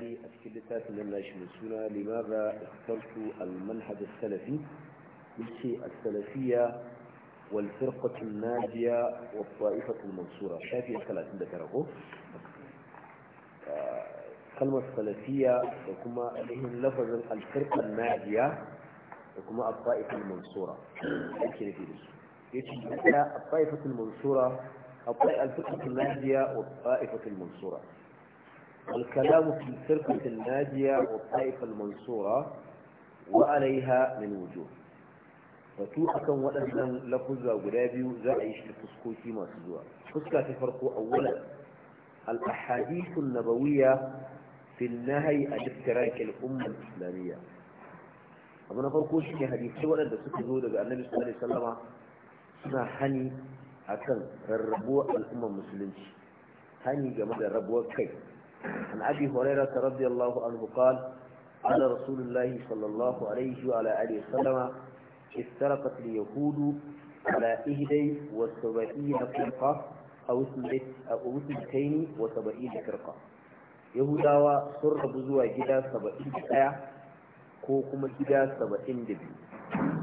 الغزالي أسكدتات لنا شمسونا لماذا اخترت المنهج السلفي بالشيء السلفية والفرقة الناجية والطائفة المنصورة شافي الثلاثين ذكره آه، كلمة السلفية وكما لهم لفظ الفرقة الناجية وكما الطائفة المنصورة يمكن في ذلك الطائفة المنصورة الطائفة الناجية والطائفة المنصورة والكلام في الفرقة الناجية والطائفة المنصورة وعليها من وجوه batu akan waɗannan lafuzza guda biyu za a yi shi fuskoki masu zuwa fuska ta farko awwalan al-ahadithun nabawiyya fil nahyi an iftirak al-umma al-islamiyya abu na farko shine hadisi waɗanda suka zo daga annabi sallallahu alaihi suna hani akan rarrabuwar al'ummar musulunci hani game da rabuwar kai عن أبي هريرة رضي الله عنه قال قال رسول الله صلى الله عليه وعلى آله وسلم افترقت اليهود على إهدي وسبعين فرقة أو اثنتين وسبعين فرقة yahudawa sun rabu zuwa gida saba'in da ko kuma gida saba'in da biyu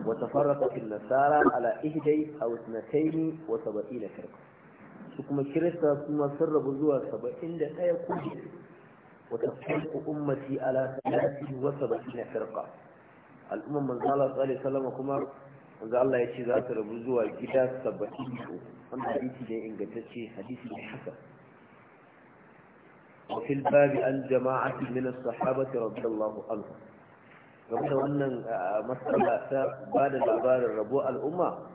wata farrafa nasara ala su kuma kirista su ma rabu zuwa saba'in da ɗaya kudu wata farko ummati ala salati wa saba'ina firqa al'umman manzo Allah sallallahu alaihi wasallam kuma manzo Allah ya ce za ta rabu zuwa gida saba'in ko wannan hadisi ne ingantacce hadisi ne haka وفي الباب عن جماعة من الصحابة رضي الله عنهم game da wannan ah, matsala ta ba da labarin rabuwa al'umma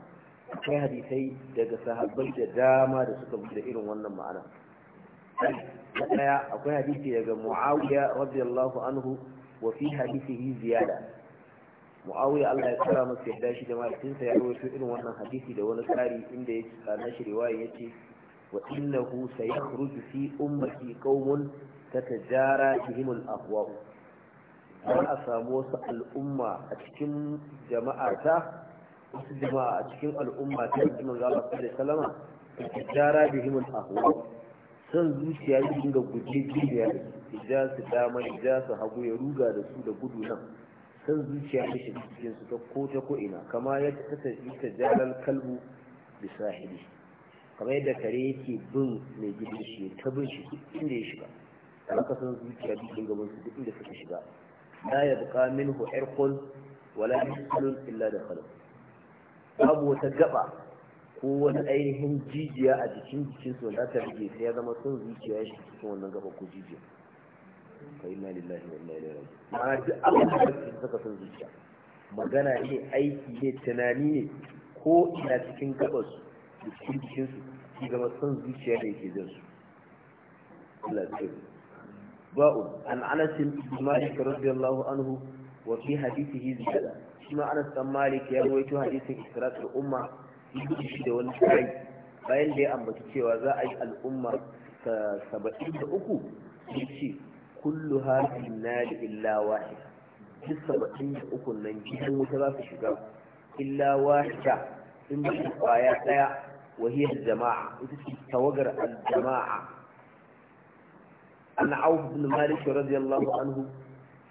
akwai hadisai daga sahabbai da dama da suka bude irin wannan ma'ana na daya akwai hadisi daga muawiya radiyallahu anhu wa fi hadisihi ziyada muawiya Allah ya tsara masa yadda shi da mahaifinsa ya rawaito irin wannan hadisi da wani tsari inda ya tsana shi riwaya yace wa innahu sayakhruju fi ummati qaumun tatajara bihim al-ahwa a samu wasu al'umma a cikin jama'ata wasu jama'a a cikin al'umma ta yi manzo Allah sallallahu salama wasallam tijara bihim al-ahwa san zuciya yi dinga guje jiya da su dama ja su hagu ya ruga da su da gudu nan san zuciya ta shiga cikin su ta ko ta ko ina kama ya ta ta jalal kalbu bi sahibi kamar yadda kare yake bin mai gidan shi ta bin shi inda ya shiga da aka san zuciya duk dinga gaban su duk inda suka shiga la yabqa minhu irqun wala yusallun illa da khalq babu wata gaba ko wani ainihin jijiya a jikin jikin su wanda ta rage sai ya zama son zuciya ya shiga cikin wannan gaba ko jijiya fa inna lillahi wa inna ilaihi raji'un ma'ana duk abin da kake saka son zuciya magana ne aiki ne tunani ne ko ina cikin gabas da cikin jikin su shi zama son zuciya da yake zan su ba'u an anasin ibn malik radiyallahu anhu wa fi hadithihi ziyada shi ma Anas dan Malik ya rawaito hadisin Isra'il umma shi da wani kai bayan da ya ambaci cewa za a yi al'umma saba'in da uku ce kullu hafin nari illa wahida duk saba'in da uku nan gidan wuta za su shiga illa wahida in ba su kwaya ɗaya wahiyar jama'a ita ce tawagar al-jama'a an auf bin malik radiyallahu anhu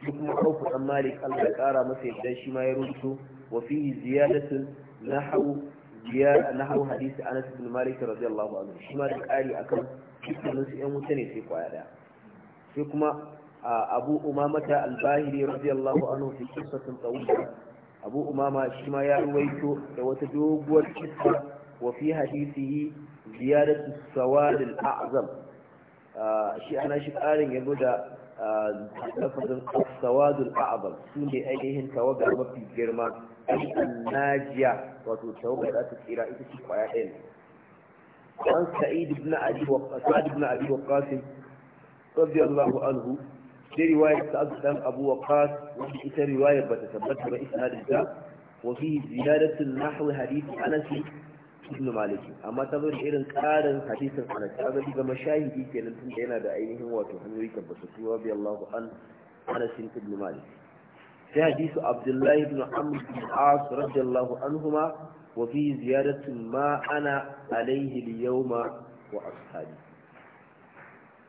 duk kuma auku an malik Allah ƙara masa yadda shi ma ya rubuto wa fihi ziyadatun nahwu ziyada nahwu hadisi Anas bin Malik radiyallahu anhu shi ma da ƙari akan dukkanin su ƴan wuta ne sai kwaya daya sai kuma Abu Umamata albahiri bahiri radiyallahu anhu fi qissatin tawila Abu Umama shi ma ya ruwaito da wata doguwar kissa wa fi hadisihi ziyadatu sawadil a'zam shi ana shi karin yazo da lafazin sawadul a'azam su ne ainihin tawaga mafi girma ainihin najiya wato tawaga za ta tsira ita ce kwaya ɗin an sa'id ibn abi wa qasim rabbi allahu anhu sai riwaya ta abu dan abu wa riwaya ba ta tabbata ba isnadin ta wa fi ziyaratul nahwi hadith anas ibn maliki amma ta zuri irin karin hadisin anas ta zuri ga mashahidi kenan tun da yana da ainihin wato hanyoyi tabbatattu rabbi Allahu an anas ibn malik sai hadisu abdullah ibn amr bin as radiyallahu anhuma wa fi ziyadatu ma ana alayhi al-yawma wa ashabi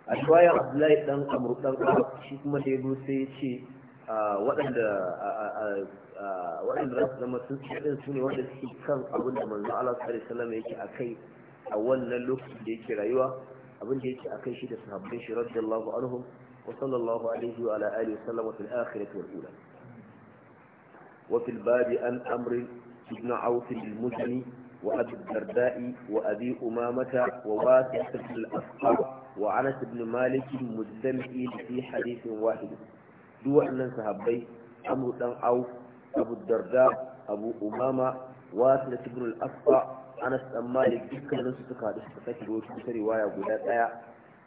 a riwaya abdullahi dan amr dan shi kuma da yazo sai ya ce ah, waɗanda ah, ah, waɗanda na su zama sun tsaye su ne wanda suke kan abin da manzo Allah sallallahu sallam wasallam yake akai a wannan lokacin da yake rayuwa abin da yake akai shi da sahabbai shi radiyallahu anhum wa sallallahu alaihi wa ala alihi wasallam fil akhirati wal ula wa fil bab an amr ibn auf al muzani wa abi darda'i wa abi umamata wa wasi' al asqa wa anas ibn malik mujtami'i fi hadithin wahid duk waɗannan sahabbai amru dan auf أبو الدرداء أبو أمامة ana بن الأسقى su أم مالك دكا نسكا دسكتك وكتك رواية guda ɗaya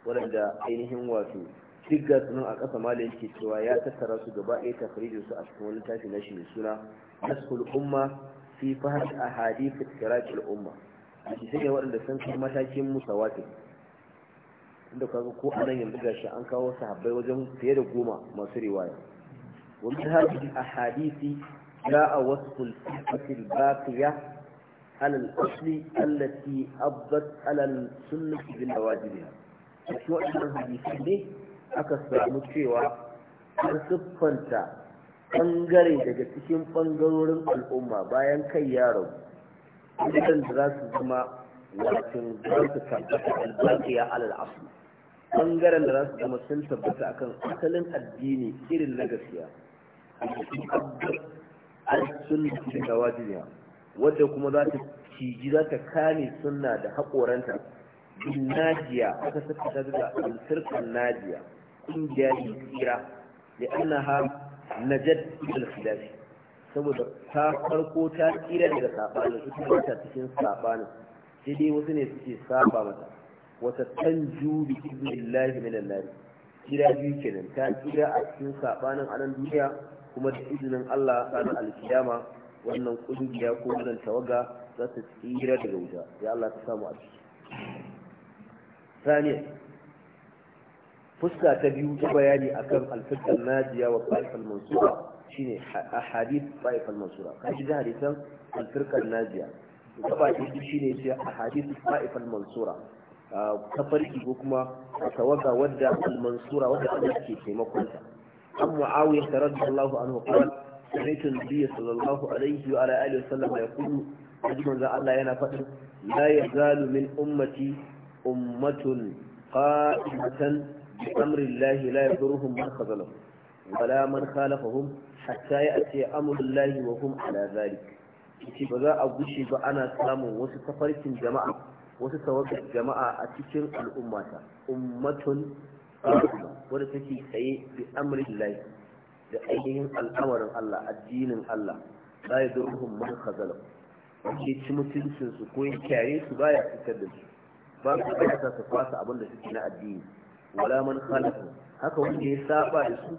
wadanda ainihin wato. dukkan sunan a ƙasa mali ke cewa ya tattara su gaba ɗaya tafrijin su a cikin wani tashi na shi mai suna nasul umma fi fahad a hadith tirakil umma a cikin ne waɗanda sun kai matakin musawatin inda ga ko anan yanzu gashi an kawo sahabbai wajen fiye da goma masu riwaya ومن هذه الأحاديث جاء وصف الفتنة الباقية على الأصل التي أبت على السنة بالنواجبها أشوى أن الحديثين أكثر متشوى أن سبقنت ɓangare daga cikin ɓangarorin al'umma bayan kai yaro idan za su zama wakin za su tabbata albaqiya alal asli ɓangaren da za su zama sun tabbata akan asalin addini irin na التي تؤدب السنة بنوادرها wadda kuma za ta ciji za ta kame sunna da haƙoranta bin najiya aka saka ta da alfirkan najiya ƙungiya ne tsira da annaha najad ibn filafi saboda ta farko ta tsira daga sabanin su kuma ta cikin sabanin sai dai wasu ne suke saba mata wata jubi bi ibnillahi min Allah tsira biyu kenan ta tsira a cikin a anan duniya kuma da izinin Allah ranar alkiyama wannan kungiya ko wannan tawaga za su tsira daga wuta ya Allah ta samu aji. ciki saniya fuska ta biyu ta bayani akan alfikar najiya wa fa'ifal mansura shine a hadith fa'ifal mansura kan ji hadisan alfikar najiya ta baki shine sai a hadith fa'ifal mansura ta farki ko kuma tawaga wadda wadda Allah ke taimakonta عن معاوية رضي الله عنه قال سمعت النبي صلى الله عليه وعلى آله وسلم يقول أجمع ذا الله ينفع لا يزال من أمتي أمة قائمة بأمر الله لا يضرهم من خذلهم ولا من خالفهم حتى يأتي أمر الله وهم على ذلك ce ba za a gushe ba ana samun wasu tafarkin jama'a wasu tawagar jama'a a cikin al'ummata ummatun wadda take tsaye bi amri lahi da ainihin al'amarin Allah addinin Allah la ruhun man kazala. ke ci mutuncin su ko kyaye su baya fitar da su ba su ta su fasa abin da suke na addini wala man khalafu haka wanda ya saba da su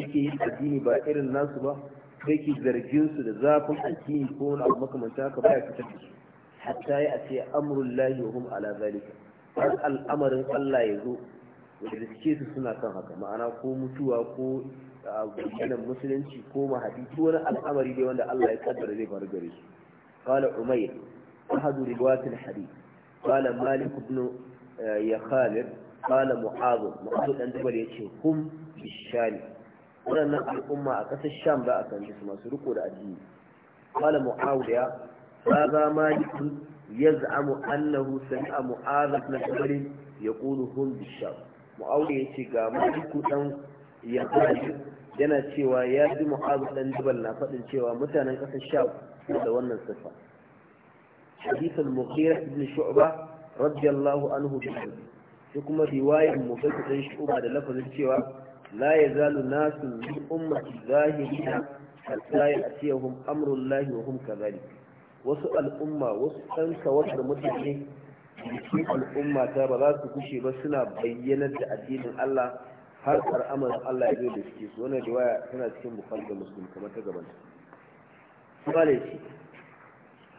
yake yin addini ba irin nasu ba kai ki zargin su da zafin addini ko wani abu makamanta haka baya fitar da su hatta ya ce amrul lahi wa hum ala zalika har al'amarin Allah ya zo da suke su suna kan haka ma'ana ko mutuwa ko bayanan musulunci ko mahadi ko wani al'amari dai wanda Allah ya kaddara zai faru gare su qala umayr ahadu riwayatil hadith qala malik ibn eh, ya khalid qala mu'adh mu'adh dan jabal yace hum bishani wannan al'umma a kasar sham za a san su masu riko da addini qala muawiya hadha malik yaz'amu annahu sami'a mu'adh ibn jabal yaqulu hum bishani mu'awiya yace ga maliku dan yaqali yana cewa ya ji mu'awiya dan jabal na faɗin cewa mutanen kasar sham da wannan sifa hadith al-mughira ibn shu'ba radiyallahu anhu bihi kuma riwayar mughira dan shu'ba da lafazin cewa la yazalu nasu min ummati zahirina hatta ya'tiyahum amrullahi wa hum kadhalik wasu al'umma wasu ɗan kawar mutane cikin al'umma ta ba za su kushe ba suna bayyanar da addinin Allah har kar'amar Allah ya zo da suke su wannan riwaya tana cikin bukhari da muslim kamar ta gabanta kuma ne shi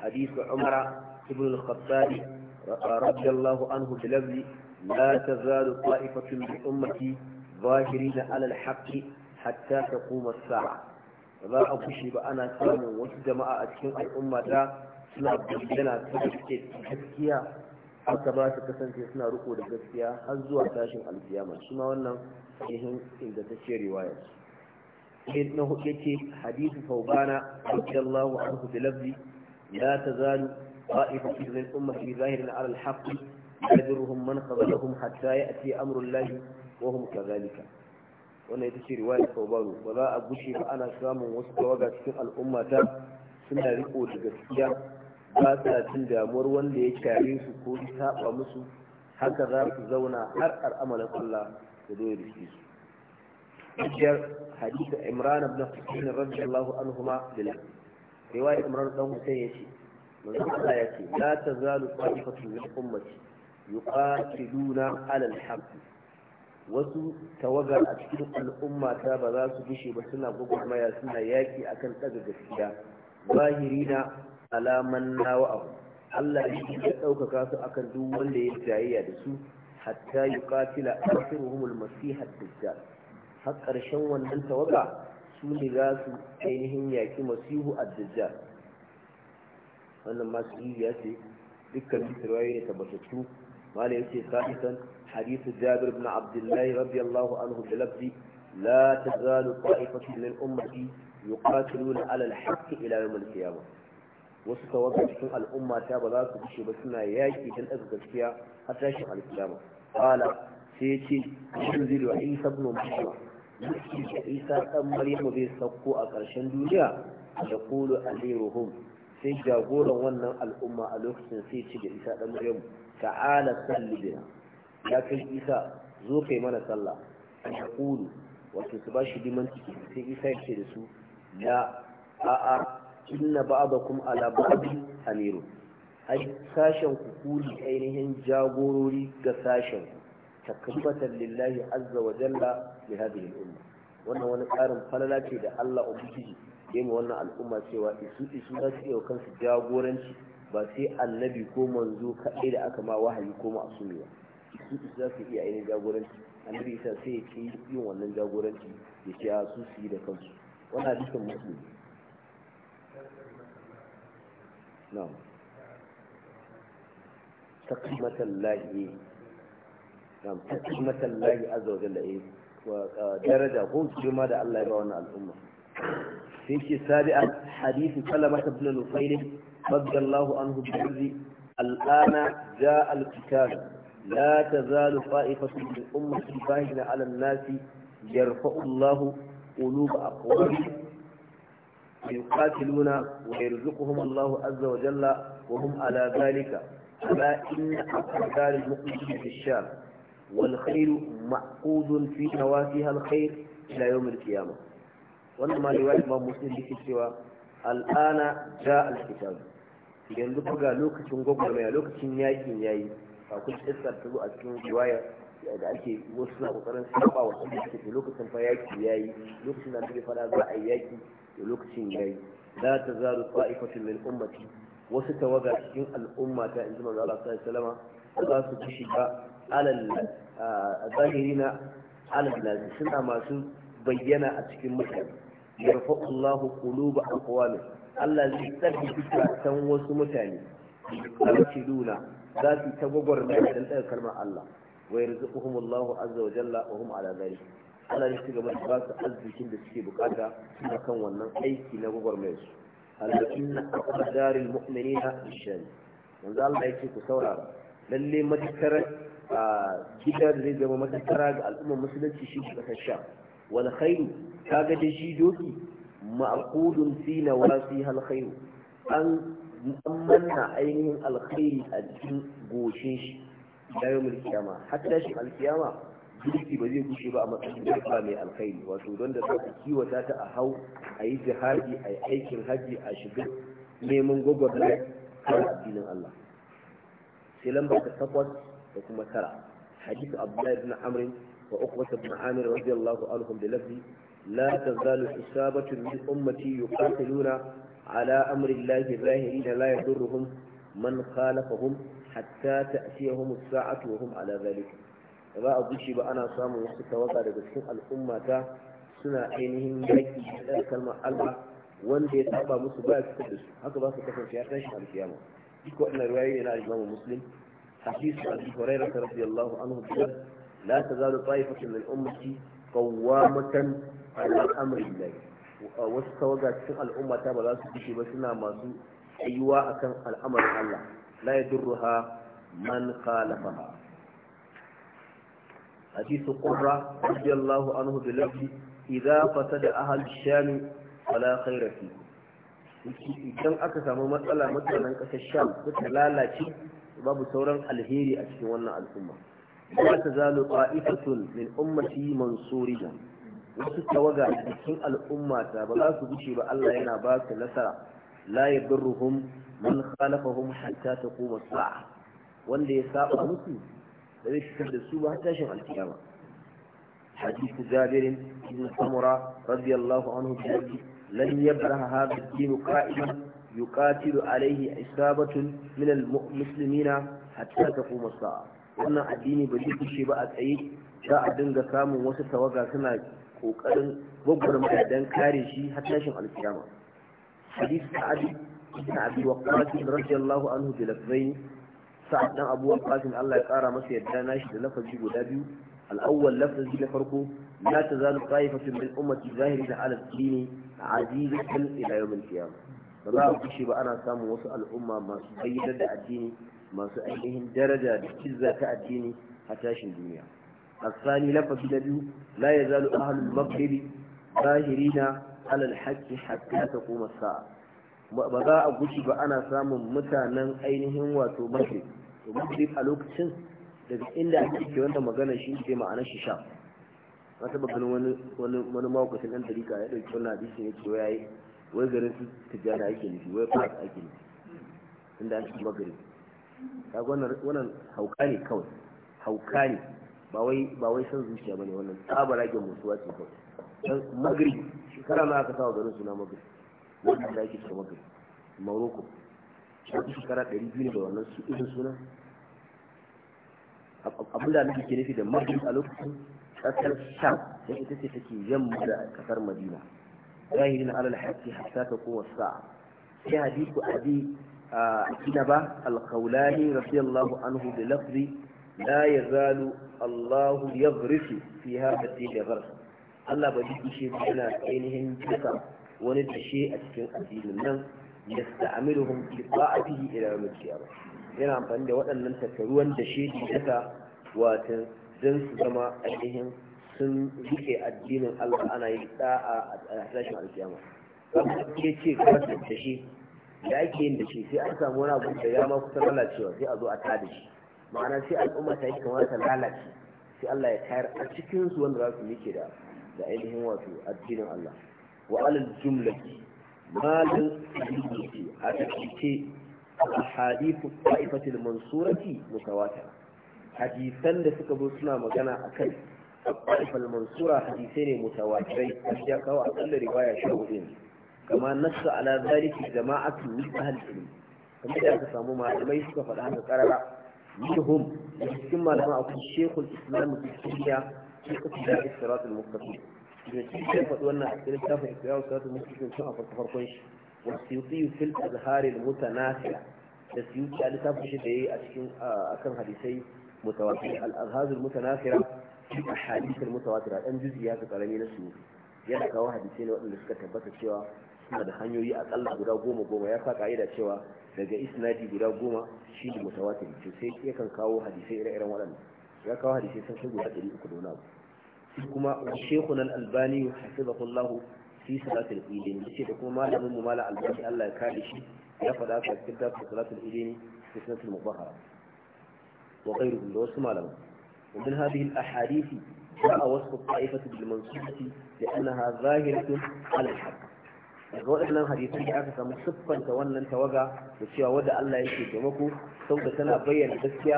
hadisu umara ibn al-khattab radiyallahu anhu bi lafzi la tazalu ta'ifatun min ummati ظاهرين على hatta حتى تقوم sa'a ba a kushe ba ana samun wasu jama'a a cikin al'umma ta suna bayyana ta gaskiya aka ba su kasance suna ruko da gaskiya har zuwa tashin alfiyama su ma wannan ihin inda ta ce riwaya na hudu ke hadisi faubana radiyallahu anhu bi labdi la tazalu qa'ifa fi zil ummati bi zahirin ala al-haqq yadurruhum man qabalahum hatta ya'ti amru llahi wa hum kadhalika wannan ita ce riwaya faubana ba za a gushe ba ana samun wasu tawaga cikin al'ummata suna riko da gaskiya ba sa cin damuwar wanda ya kare su ko ya saba musu haka za su zauna har al'amalin Allah da zo ya riske su hadisa imran ibn husayn radiyallahu anhuma bila riwaya imran dan husayn yace manzo Allah yace la tazalu qadifatun min ummati yuqatiluna ala al-haqq wasu tawagar a cikin al'umma ta ba za su bishe ba suna maya, suna yaki akan daga gaskiya na. alaman nawa'ahu Allah ya ɗaukaka su akan duk wanda ya jayayya da su hatta yuqatila akhiruhumul masiha ad-dajjal har ƙarshen wannan tawaga su ne za su ainihin yaƙi masihu a dajjal wannan masu ya ce dukkan sirwaye ya tabbatattu mala yace sa'isan hadisu jabir ibn abdullahi radiyallahu anhu da labdi la zalu ta'ifatu min ummati yuqatiluna ala al-haqqi ila yawm wasu tawaga cikin al'umma ta ba za su kushe ba suna yaki dan ɗaga gaskiya har tashin ba. qala sai yace sabon isa ibn maryam isa dan Maryamu zai sauko a ƙarshen duniya da qulu aliruhum sai jagoran wannan al'umma a lokacin sai ce da isa ɗan Maryamu. ta'ala sallibina ya kai isa zo kai mana sallah an yaqulu wato su bashi liman ciki sai isa ya ce da su la a'a inna ba'dakum ala ba'di amirun ai sashen ku kuli ainihin jagorori ga sashen ku lillahi azza wa jalla li hadhihi al-umma wannan wani karin falala ce da Allah ubangiji ya mu wannan al'umma cewa isu isu da su yau kansu jagoranci ba sai annabi ko manzo kaɗai da aka ma wahayi ko ma'asumi ba isu isu za su iya ainihin jagoranci annabi isa sai ya ce yin wannan jagoranci ya ce a su yi da kansu wannan hadisin musulmi na'am takmatan lahi na'am takmatan lahi azza wa jalla eh daraja ko girma da Allah ya ba wannan al'umma sai ce sabi'an hadithu kalama ibn al-fayl radiyallahu anhu bi الآن جاء الكتاب لا تزال طائفة من أمة باهنة على الناس يرفع الله قلوب أقوالهم ويقاتلون ويرزقهم الله عز وجل وهم على ذلك ألا إن أقدار المؤمنين في الشام والخير معقود في نوافيها الخير إلى يوم القيامة وإنما رواية ما مسلم في سوى الآن جاء الكتاب yanzu kuga lokacin gwagwarmaya lokacin yakin yayi akwai iskar ta zo a cikin riwaya da ake wasu na kokarin saba wa sun da ke lokacin fa yaki yi. lokacin da muke fara za a yi yaki da lokacin ya yayi Za tazalu ta'ifatun min ummati wasu tawaga cikin al'umma ta inji manzo Allah sallallahu alaihi za su kishi shiga alal zahirina alal nas suna masu bayyana a cikin mutane yarfa'u Allahu quluba aqwamin Allah zai tsarki zukatan wasu mutane za su ta gwagwarmaya don ɗaga kalmar Allah wa yarzuquhum Allahu azza wa jalla wa hum ala dhalik Allah ya cigaba da ba su arzikin da suke bukata a kan wannan aiki na gwagwarmayar su alaƙin aqdarin mu'minina bishan yanzu Allah ya ce ku saurara lalle matakarar a da zai zama matakara ga al'ummar musulunci shi ke kasar sha wal khairu kaga da shi doki ma'qudun fi wasi al khairu an manna ainihin alkhairi a cikin goshin shi ila yawmul qiyama hatta shi alkiyama duki ba zai kushe ba a matsayin dabba mai alkhairi wato don da zaka kiwata ta a hau a yi jihadi a yi aikin haji a shiga neman gwagwarmaya kan addinin Allah sai lamba ta takwas da kuma tara hadisu abdullahi ibn amr wa uqbah ibn amir radiyallahu anhum bi lafzi la tazalu hisabatun min ummati yuqatiluna ala amri llahi zahirin la yadurruhum man khalafahum hatta ta'tiyahum as-sa'atu wa hum ala zalika da ba a gushi ba ana samun wasu tawaga daga cikin al'ummata suna ainihin yaki da kalmar Allah wanda ya saba musu ba ya su da su haka ba su kasance har tashi alkiyama duk wannan ruwaye ne na al-Imam Muslim حديث أبي هريرة رضي الله عنه قال لا تزال طائفة من أمتي قوامة على أمر wasu tawaga cikin al'umma ta ba za su fice ba suna masu ayyuwa akan al'amarin Allah la yadurruha man khalafaha حديث قرة رضي الله عنه da إذا فسد أهل الشام فلا خير فيه idan aka samu matsala matsalan kasar sham suka lalace babu sauran alheri a cikin wannan al'umma ba ta zalu qa'ifatun min ummati mansuriyan wasu tawaga cikin al'umma ta ba za su gushe ba Allah yana ba su nasara la yadurruhum man khalaqahum hatta taqum as-sa'a wanda ya saba musu da zai fitar da su ba har tashin alkiyama hadith jabir ibn samura radiyallahu anhu bihi lan yabraha hadha ad-din qa'iman yuqatilu alayhi isabatu min al-muslimina hatta taqum saa wannan addini ba zai kishi ba a tsaye za a dinga samun wasu tawaga suna kokarin gwaggwarmaya don kare shi har tashin alkiyama hadith ta'adi a abin wakasin radiyallahu anhu da lafzain sa'adun abuwan kasin Allah ya tsara masa yadda na shi da lafazi guda biyu al'awwal lafazi na farko la ta zanu qaifatin bil ummati zahiri da ala dini azizatan ila yawm ba za a kushe ba ana samun wasu al'umma masu bayyanar da addini masu ainihin daraja da cizza ta addini a tashin duniya asali lafazi na biyu laya ya zalu ahalul maghribi zahiri na alal haqqi hatta taquma as-sa'a ba za a guji ba ana samun mutanen ainihin wato mafi da magrib a lokacin daga inda ake ke wanda magana shi ke ma'ana shi sha wata babban ganin wani wani wani mawakacin ɗan tarika ya ɗauki wani hadisin ya ce wai wai garin su tijjana ake nufi wai fas ake nufi inda ake kuma gari Ta wannan wannan hauka ne kawai hauka ne ba wai ba wai san zuciya bane wannan tsabara ga musuwa ce kawai dan shekara na aka sawa garin suna magrib wannan da ake cewa gari morocco shafi shekara ɗari biyu da wannan su irin suna abin da nake nufi da maghrib a lokacin ƙasar sham da ita ce take yamma da ƙasar madina zahirin alal haqqi hatta ta kowa sa'a sai hadithu abi kinaba al-khawlani radiyallahu anhu da lafzi la allahu ya yaghrisu fi hadha al-ghars Allah ba zai kishe yana ainihin kisa wani tashe a cikin addinin nan ya sta'amiluhum fi sa'atihi ila yawm al-qiyamah yana amfani da waɗannan tattaruwan dashe da yasa wato dan su zama ainihin sun rike addinin Allah ana yi da'a a tashin al-qiyamah kamar ke ce kamar da shi? da ake yin dashe sai an samu wani abu da ya ma kusa lalacewa sai a zo a tada shi ma'ana sai al'umma ta yi kamar ta lalace sai Allah ya tayar a cikin su wanda za su mike da da ainihin wato addinin Allah wa alal jumlati malin jumlati a tafiye a hadithu ta'ifatil mansurati mutawatir hadisan da suka zo suna magana a kai ta'ifatil mansura hadisai ne mutawatirai a shi ya kawo a kalla riwaya shi hudu ne kama nasu ala zariki jama'atu min ahal ilmi kamar da aka samu malamai suka faɗa haka karara minhum cikin malaman akwai shekul islam ibn tuhiya shi kuka da istirafin mustaqim da shi ya faɗi wannan a cikin littafin ikirawu salatu musulun sun a farkon shi wasu yuti fil azharin mutanasila da su yi a littafin shi da ya yi a cikin akan hadisai mutawatir al-azhazul mutanasira shi a hadisin mutawatir a ɗan juzi ya fi ƙarami na su yana kawo hadisai ne waɗanda suka tabbata cewa suna da hanyoyi akalla guda goma goma ya sa ƙa'ida cewa daga isnadi guda goma shi ne mutawatir to sai yakan kawo hadisai ire-iren waɗanda ya kawo hadisai sun guda ɗari uku da wani abu kuma shehu nan al'albani hasibahullahu fi salatul idin yace da kuma malamin mu albani Allah ya kare shi ya faɗa ka cikin dafa salatul idin da sunatul mubahara wa ghayruhum da wasu malaman wa min hadhihi جاء وصف الطائفة بالمنصوبة لأنها ظاهرة على الحق daga waɗannan hadisai da aka samu siffanta wannan tawaga da cewa wadda Allah yake taimako saboda tana bayyana gaskiya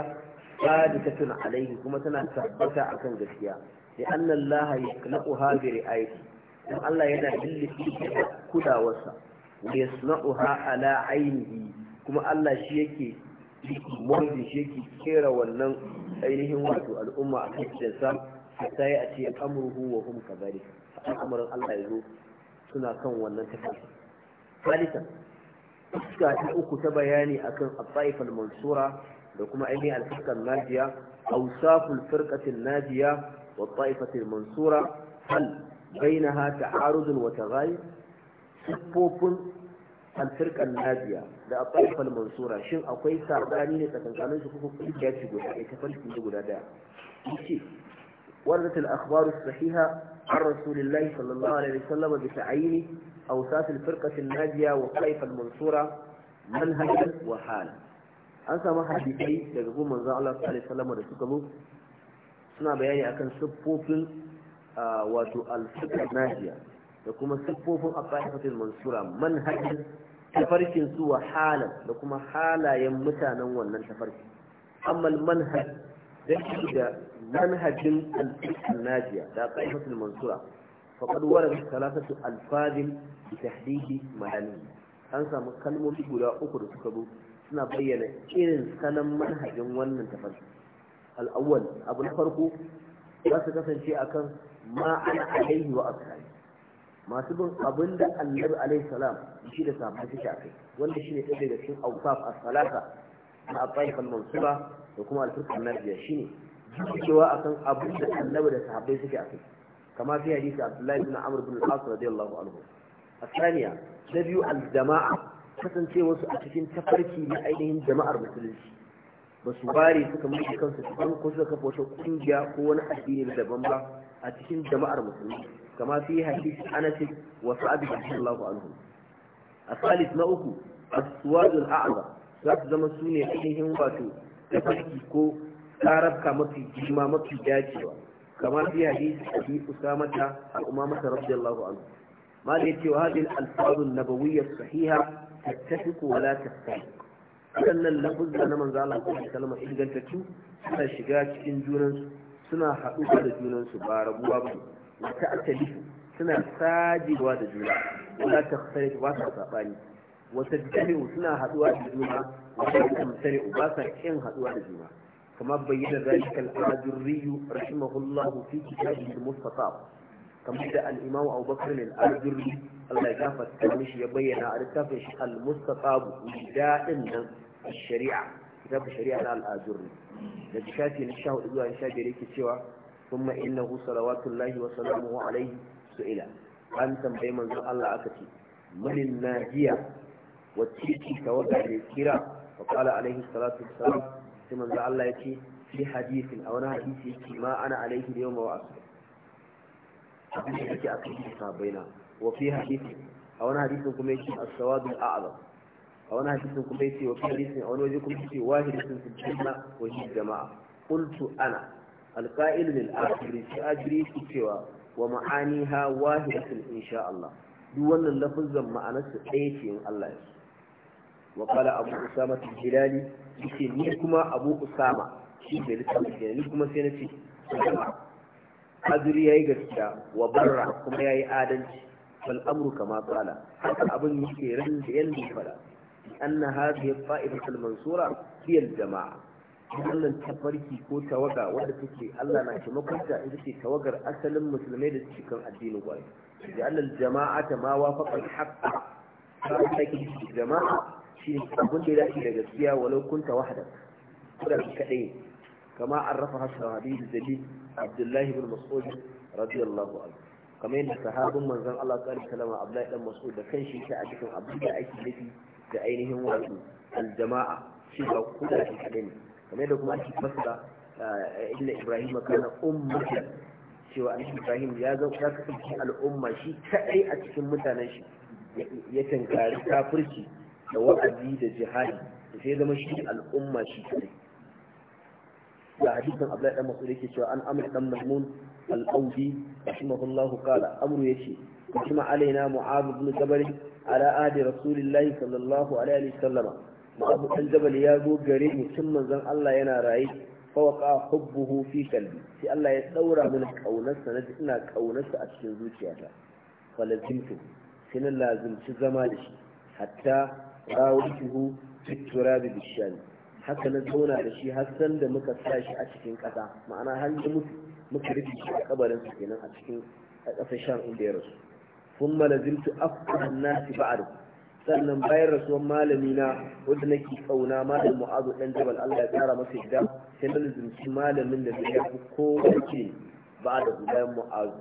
ba da ta tuna alaihi kuma tana tabbata akan gaskiya sai anna allaha yaqna'uha bi aiki, dan Allah yana dillifi da kulawarsa wa yasna'uha ala ainihi kuma Allah shi yake wanda shi yake kera wannan ainihin wato al'umma a cikin sa sai a ce amruhu wa hum kadhalik al'amarin Allah ya zo suna kan wannan tafiya salisa fuska ta uku ta bayani akan al-taifal mansura da kuma ainihin al-firqan najiya awsaful firqatin najiya والطائفة المنصورة هل بينها تعارض وتغاير سبوب الفرقة النادية da a ƙarfar mansura shin akwai sabani ne tsakankanin su kuma kuma ya ci guda ya tafar su guda daya yace wardat al akhbar as sahiha an rasulullah sallallahu alaihi wasallam bi ta'ayini awsat al firqah najiya wa qaif al mansura manhajan wa an samu hadisi daga kuma da suka suna bayani akan siffofin wato alfikar nahiya da kuma siffofin afahifatul mansura manhajin tafarkin su wa halan da kuma halayen mutanen wannan tafarki amma manhaj da shi da manhajin alfikar nahiya da afahifatul mansura faƙad warar talatatu alfadin da tahdidi malami an samu kalmomi guda uku da suka zo suna bayyana irin salon manhajin wannan tafarki al'awwal abu na farko za su kasance akan ma ana alaihi wa ashabi masu bin abin da annabi alaihi salam shi da sahabbai suke akai wanda shi ne ɗaya daga cikin awsaf a salasa na al mansura da kuma al Shi ne, shine cewa akan abin da annabi da sahabbai suke a kai, kama fi hadisi abdullahi ibn amr ibn al-as radiyallahu anhu الثانية نبي الجماعة kasancewarsu a cikin tafarki na ainihin jama'ar musulunci ba su ware suka mulki kansu daban ko suka kafa wata kungiya ko wani addini da daban ba a cikin jama'ar musulmi kama fi hadisi anas wa sa'ad radiyallahu anhu asalis na uku aswadul a'za za su zama su ne ainihin wato tafarki ko tarabka mafi jima mafi dacewa kamar fi hadisi abi usamata al umamata radiyallahu anhu ما ليتي وهذه الألفاظ النبوية الصحيحة تتفق ولا تختلف waɗannan lafuzza na manzo Allah ko kalma ingantattu suna shiga cikin junansu suna haɗuwa da junansu ba rabuwa ba wa ta'talifu suna sajiwa da juna wala takhtalifu ba ta sabani wa tajtami'u suna haɗuwa da juna wa tamtari'u ba sa kin haɗuwa da juna كما بين ذلك الآجري رحمه الله في كتابه المستطاب كما بدأ الإمام أبو ya bayyana الله يغفر كمش يبين على المستطاب وداء nan. shari'a za ku shari'a na al'adun ne da shafi na sha hudu zuwa sha biyar cewa kuma ma inna hu salawatun lahi wa salamu wa alaihi su ila an tambayi manzon allah aka ce manin najiya wa titi ta waka kira wa kala alaihi salatu wa allah ya ce fi hadisin a wani hadisi ma ana alaihi da ma wa asu abin da a kan sabai na wa fi hadisin a wani hadisin kuma ya ce asawadun a'azam a wani hadisin kuma yace wa hadisin a wani waje kuma yace wahidatun fil janna wa hi jama'a qultu ana alqa'il lil akhir shi ajri ki cewa wa ma'aniha wahidatun insha Allah duk wannan lafazan ma'anarsa ɗaya ce in Allah ya so wa qala abu usama al-hilali yace ni kuma abu usama shi bai littafi ni kuma sai na ce azuri yayi gaskiya wa barra kuma ya yi adalci fal amru kama qala haka abin yake ran da yanda fada أن هذه الطائفة المنصورة هي الجماعة wannan tafarki ko tawaga wanda take Allah na ce makwabta ita ce tawagar asalin musulmai da cikin addinin gwai da Allah jama'a ta ma wafaqa al-haqqa ta take jama'a shi ne abin da ya dace da gaskiya kunta wahda kada ka kadai kama arrafa hasan hadith dalil Abdullah ibn Mas'ud radiyallahu anhu kamar yadda sahabin manzon Allah sallallahu alaihi wasallam Abdullah Mas'ud da kanshi shi a cikin abin da ake nufi da ainihin wato aljama'a shi ba kuda shi kaɗai ne kamar yadda kuma ake fasara eh, inna ibrahim kana ummatan cewa annabi ibrahim ya ga ya kasance al'umma shi kaɗai a cikin mutanen shi ya tankari kafirci da wa'azi da jihadi sai zama shi al'umma shi kaɗai da hadisin abdullahi dan mas'ud yake cewa an amr dan mazmun al-audi rahimahullahu qala amru yace kuma alaina mu'adh ibn jabal ala ahdi rasulillahi sallallahu alaihi wasallam abu jabal ya zo gare ni tun manzon Allah yana raye fa waqa hubbuhu fi qalbi sai Allah ya daura mini kaunarsa na ina kaunarsa a cikin zuciyata falazimtu sai na lazimci zama da shi hatta rawuhu fi turabi bishani haka na zauna da shi har san muka sa shi a cikin ƙasa ma'ana har da muka rufe shi a kabarin kenan a ƙasashen inda ya rasu ثم لازلت أفقه الناس بعده sannan bayan rasuwar malami na wanda nake kauna malam mu'azu dan jabal Allah ya tsara masa hidda sai na zumci malamin da zai yafi ko yake ba da bayan mu'azu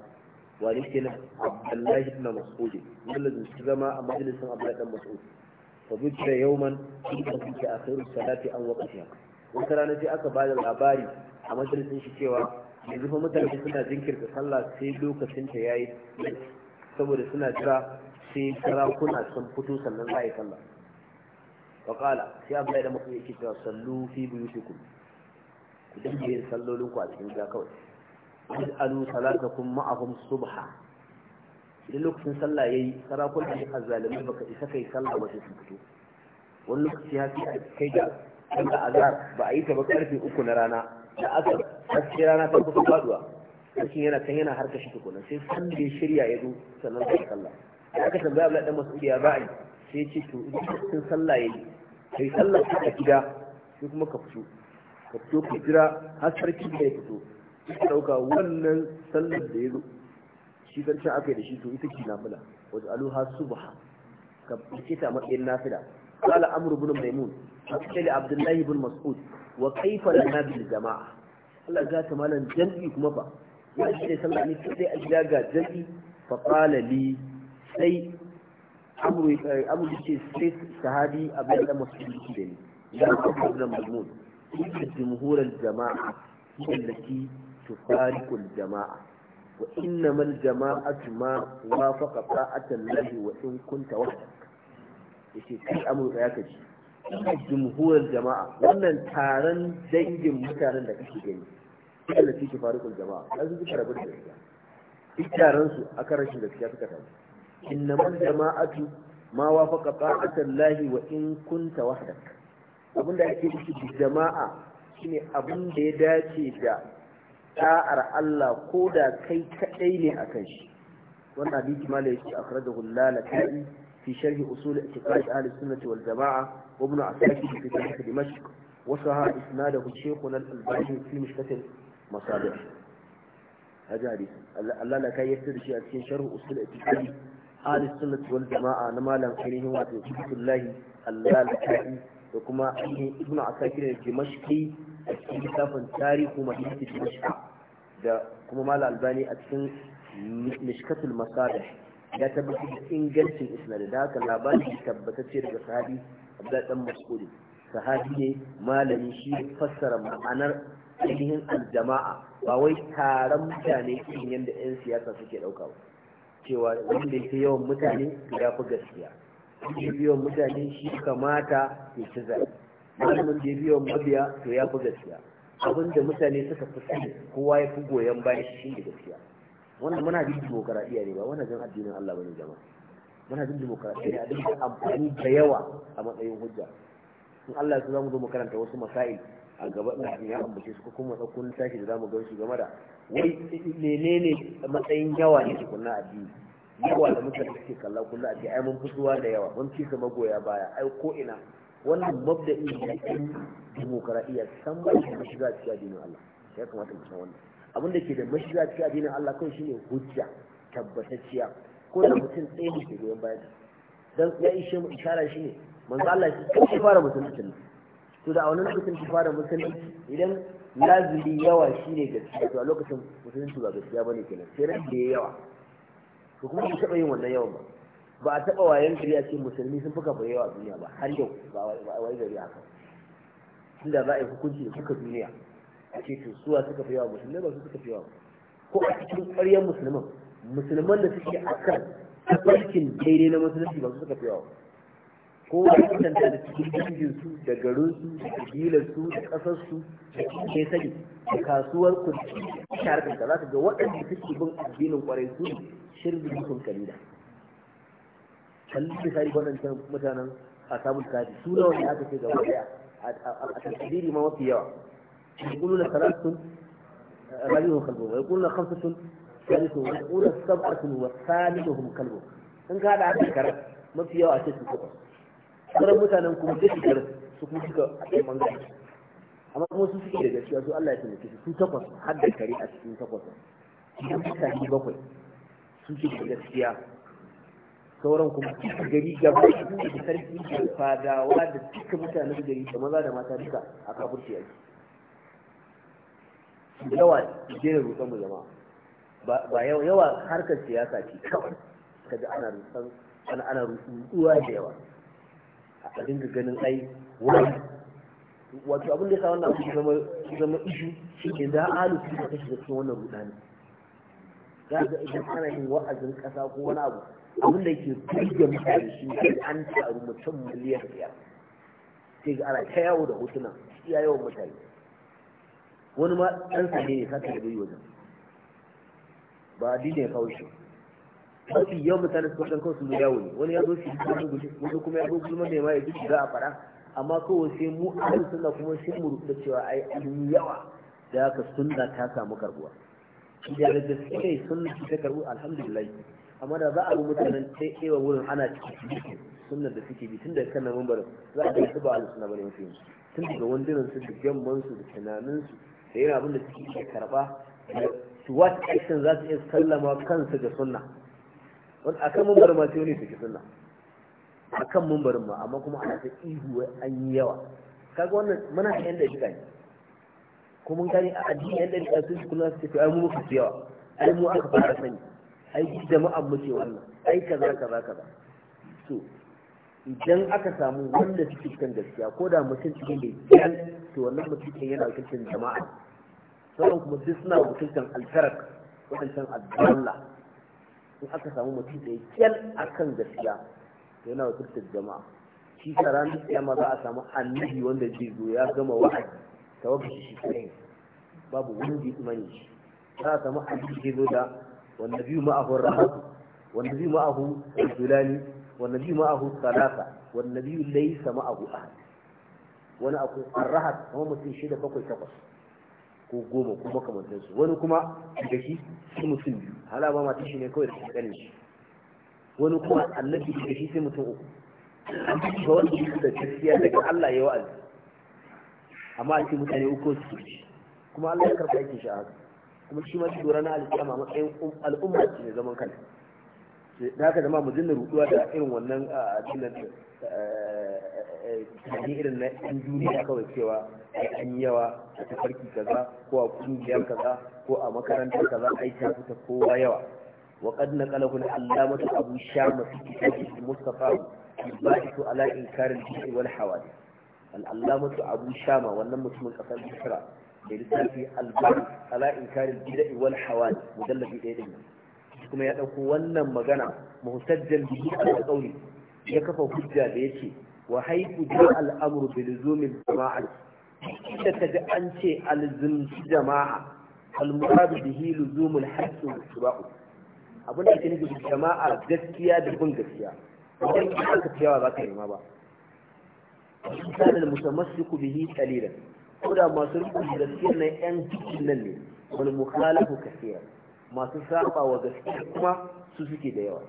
wani kenan Abdullahi ibn Mas'ud wanda zumci zama a majalisin Abdullahi ibn Mas'ud fa bujra yawman inda kuke akhiru salati an waqtiha wata rana sai aka ba da labari a majalisin shi cewa yanzu fa mutane suna jinkirta sallah sai lokacin ta yayi saboda suna jira sai sarakuna sun fito sannan za a yi sallah faƙala sai abdullahi da mafi yake cewa sallu fi buyutikum ku Ku dinga yin sallolin ku a cikin gida kawai waj'alu kun ma'ahum subha idan lokacin sallah ya yayi sarakuna ne azzalimai baka isa kai sallah ba sai su fito wani lokaci ya fi kai da sallah azhar ba a yi ta ba karfe uku na rana da aka rana ta kusa faduwa sarki yana kan yana harka shi tukuna sai san da shirya ya zo sannan zai sallah sai aka tambaya Abdullahi dan masu ya ba'i sai ce to in cikin sallah yayi kai sallah ka gida sai kuma ka fito ka fito ka jira har sarki da ya fito ka dauka wannan sallar da ya zo shi sarkin aka yi da shi to ita ki nafila wa aluha subha ka fice ta matsayin nafila قال عمرو بن ميمون قال عبد الله بن مسعود وكيف لنا بالجماعه الله za ta malam jam'i kuma wani shi ne sallah ne sai a gida ga jami faƙala li sai amru ce sai sahabi a bayan da musulunci da ni da kuma da mazmun inda jumhurar jama'a allati tufariqul jama'a wa jama'a jama'atu ma wafaqa ta'atallahi wa in kunta Ya ce kai amurka ya kaji jumhurar jama'a wannan taron dangin mutanen da kake gani sai da cikin farukul jama'a dan su suka rabu da gaskiya ikiyaran su akan rashin gaskiya suka tafi innamal jama'atu ma wafaqa ta'atallahi wa in kunta wahdak abinda ake ciki jama'a shine abin da ya dace da da'ar Allah ko da kai kadai ne akan shi wannan hadisi malai yake akhrajahu lalakai في شرح أصول اعتقاد أهل السنة والجماعة وابن عساكر في تاريخ دمشق وصها إسناده شيخنا الألباني في مشكة masalih hajji hadisi Allah la kai yasir shi a cikin sharh usul itiqadi ahli sunnah wal jamaa na malam ainihin wato Abdullahi Allah la kai da kuma Ibn Asakir da Dimashqi a cikin littafin tarihu da kuma malam Albani a cikin mishkatul masalih ya tabbatar da ingancin isnad da haka labari ce daga sahabi Abdullah dan Mas'ud sahabi ne malami shi fassara ma'anar ainihin aljama'a ba wai taron mutane irin yadda 'yan siyasa suke ɗauka ba cewa wanda ke yawan mutane ya fi gaskiya wanda ke yawan mutane shi kamata ya ci zai wanda da ya yawan mabiya to ya fi gaskiya abin da mutane suka fi sani kowa ya fi goyon bayan shi ne gaskiya wannan muna jin dimokuraɗiyya ne ba wannan jin addinin Allah bane jama'a muna jin dimokuraɗiyya ne a duk amfani da yawa a matsayin hujja in Allah ya so za mu zo mu karanta wasu masail a gaba da ya ambace su kuma da kun tashi da zamu gan shi game da wai menene matsayin yawa ne na addini yawa da muka suke kalla kullu a ai mun fituwa da yawa mun ci magoya baya ai ko ina wannan mabda'i ne cikin demokradiyya san ba shi shiga cikin addinin Allah ya kamata mu san wannan abin da ke da mashiga cikin addinin Allah kai shine hujja tabbatacciya ko da mutum tsaye ne ke goyon baya dan ya ishe mu ishara shine manzo Allah shi fara mutum mutum to da a lokacin ki fara musulunci idan lazuli yawa shine gaskiya to a lokacin musulunci ba gaskiya bane kenan sai ran da yawa to kuma ku taba yin wannan yawan ba ba a taba wayan gari a ce musulmi sun fuka bayewa a duniya ba har yau ba a wayi gari haka tunda za a yi hukunci da suka duniya a ce to suwa suka fi yawa musulmai ba su suka fi yawa ko a cikin ƙwaryar musulman musulman da suke akan tafarkin daidai na musulunci ba su suka fi yawa ko ya kusanta da cikin dangin su da garin su da kabilar su da kasar su da ke sani da kasuwar ku da harkar ka za ka ga waɗanda suke bin addinin kwarai su shirin sun kalila kalli misali can mutanen a samun kaji su nawa ne aka ce ga wadaya a tasiri ma mafi yawa يقولون ثلاثة رجلهم كلبهم ويقولون خمسة ثالثهم ويقولون سبعة وثالثهم كلبهم إن كان عندك mafi yawa a cikin takwas sauran mutanen kuma da shigar su kuma suka yi bangare amma kuma su suke da gaskiya su Allah ya taimake su su takwas har da kare a cikin takwas idan mutane bakwai su ke da gaskiya sauran kuma gari gaba da sarki da fadawa da duka mutanen gari da maza da mata duka a kafurci yaki yawa jerin roƙon mu jama'a ba yawa harkar siyasa ce kawai kaga ana rusan ana rutuwa da yawa a dinga ganin ai wani wato abin da ya sa wannan abu zama zama ishu shi ne da alu su kashi da cikin wannan rudani za ga idan ana yin wa'azin kasa ko wani abu abin da yake burge mutane shi ne an taru mutum miliyan biyar sai ga ana ta yawo da hotuna iya yawan mutane wani ma ɗan sa ne sa ta da bai wajen ba dina ya kawo shi mafi yawan mutane su waɗankan su yawo ne wani ya zo shi da gudu wani kuma ya zo gulma da ma ya duk shiga a fara amma kawai sai mu ahli sunna kuma sai mu rubuta cewa ai an yawa da haka sunna ta samu karbuwa da da gaske sunna ta karbu alhamdulillah amma da za a bi mutanen sai ewa wurin ana cikin sunnar da suke bi tun da kan nan za a ga su ba ahli sunna bane mutum tun daga wandunan su da jamman su da tunanin su da yana abin da suke karba su what action za su iya sallama kansu ga sunna akan mumbar ma sai wani saki sunna akan mambarin ma amma kuma ana ta ihu an yi yawa kaga wannan muna da yanda shiga ne kuma gani a addini yanda shiga sun kula su tafi ai mu muka fi yawa ai mu aka fara sani ai jama'an mu ce wannan ai kaza kaza kaza to idan aka samu wanda suke kan gaskiya ko da mutum cikin ne kyan to wannan mutum ke yana cikin jama'a sauran kuma duk suna wakilcin alfarak wadancan addalla in aka samu mutum da a kan gaskiya to yana wakiltar jama'a shi ta ranar kiyama za a samu annabi wanda zai zo ya gama wa'azi tawaga shi shi babu wanda ya imani shi za a samu annabi zai zo da wanda biyu ma'ahu rahmatu wanda biyu ma'ahu rajulani wanda biyu ma'ahu salasa wanda biyu laisa ma'ahu ahad wani akwai arrahat kamar mutum shida bakwai takwas ko goma ko makamantansu wani kuma da shi sai mutum biyu hala ba mata shi ne kawai da ganin shi wani kuma annabi da shi sai mutum uku an fi shi wanda da gaskiya daga Allah ya wa'azi amma a ce mutane uku su ci kuma Allah ya karɓa yake shi a haka kuma shi ma shi dora na alƙiyama matsayin um, al'umma ce ne zaman kanta da haka zama mu dinna ruɗuwa da irin wannan ah, tunani irin na yan duniya kawai cewa ai an yawa a tafarki kaza ko a kungiyar kaza ko a makarantar kaza ai ta fita kowa yawa wa qad naqalahu al-allamah abu shama fi kitabih mustafa yubatu ala inkar al-bid'i wal hawadith al-allamah abu shama wannan mutumin kasar Misra da lissafi al-bari ala inkar al-bid'i wal hawadith mudallabi ɗaya din kuma ya ɗauko wannan magana muhtajjan bihi al-qawli ya kafa hujja da yake wa haiku da al'amur bilizumin jama'a inda ta ji an ce alzumci jama'a almuradu bihi luzumul haqqi wa tibau abin da ke nufi jama'a gaskiya da bin gaskiya idan ka aka ciyawa ba ka nema ba misalin mutamassiku bihi qalilan ko da masu rubuta gaskiyar nan yan cikin nan ne wal mukhalafu kaseer masu saba wa gaskiya kuma su suke da yawa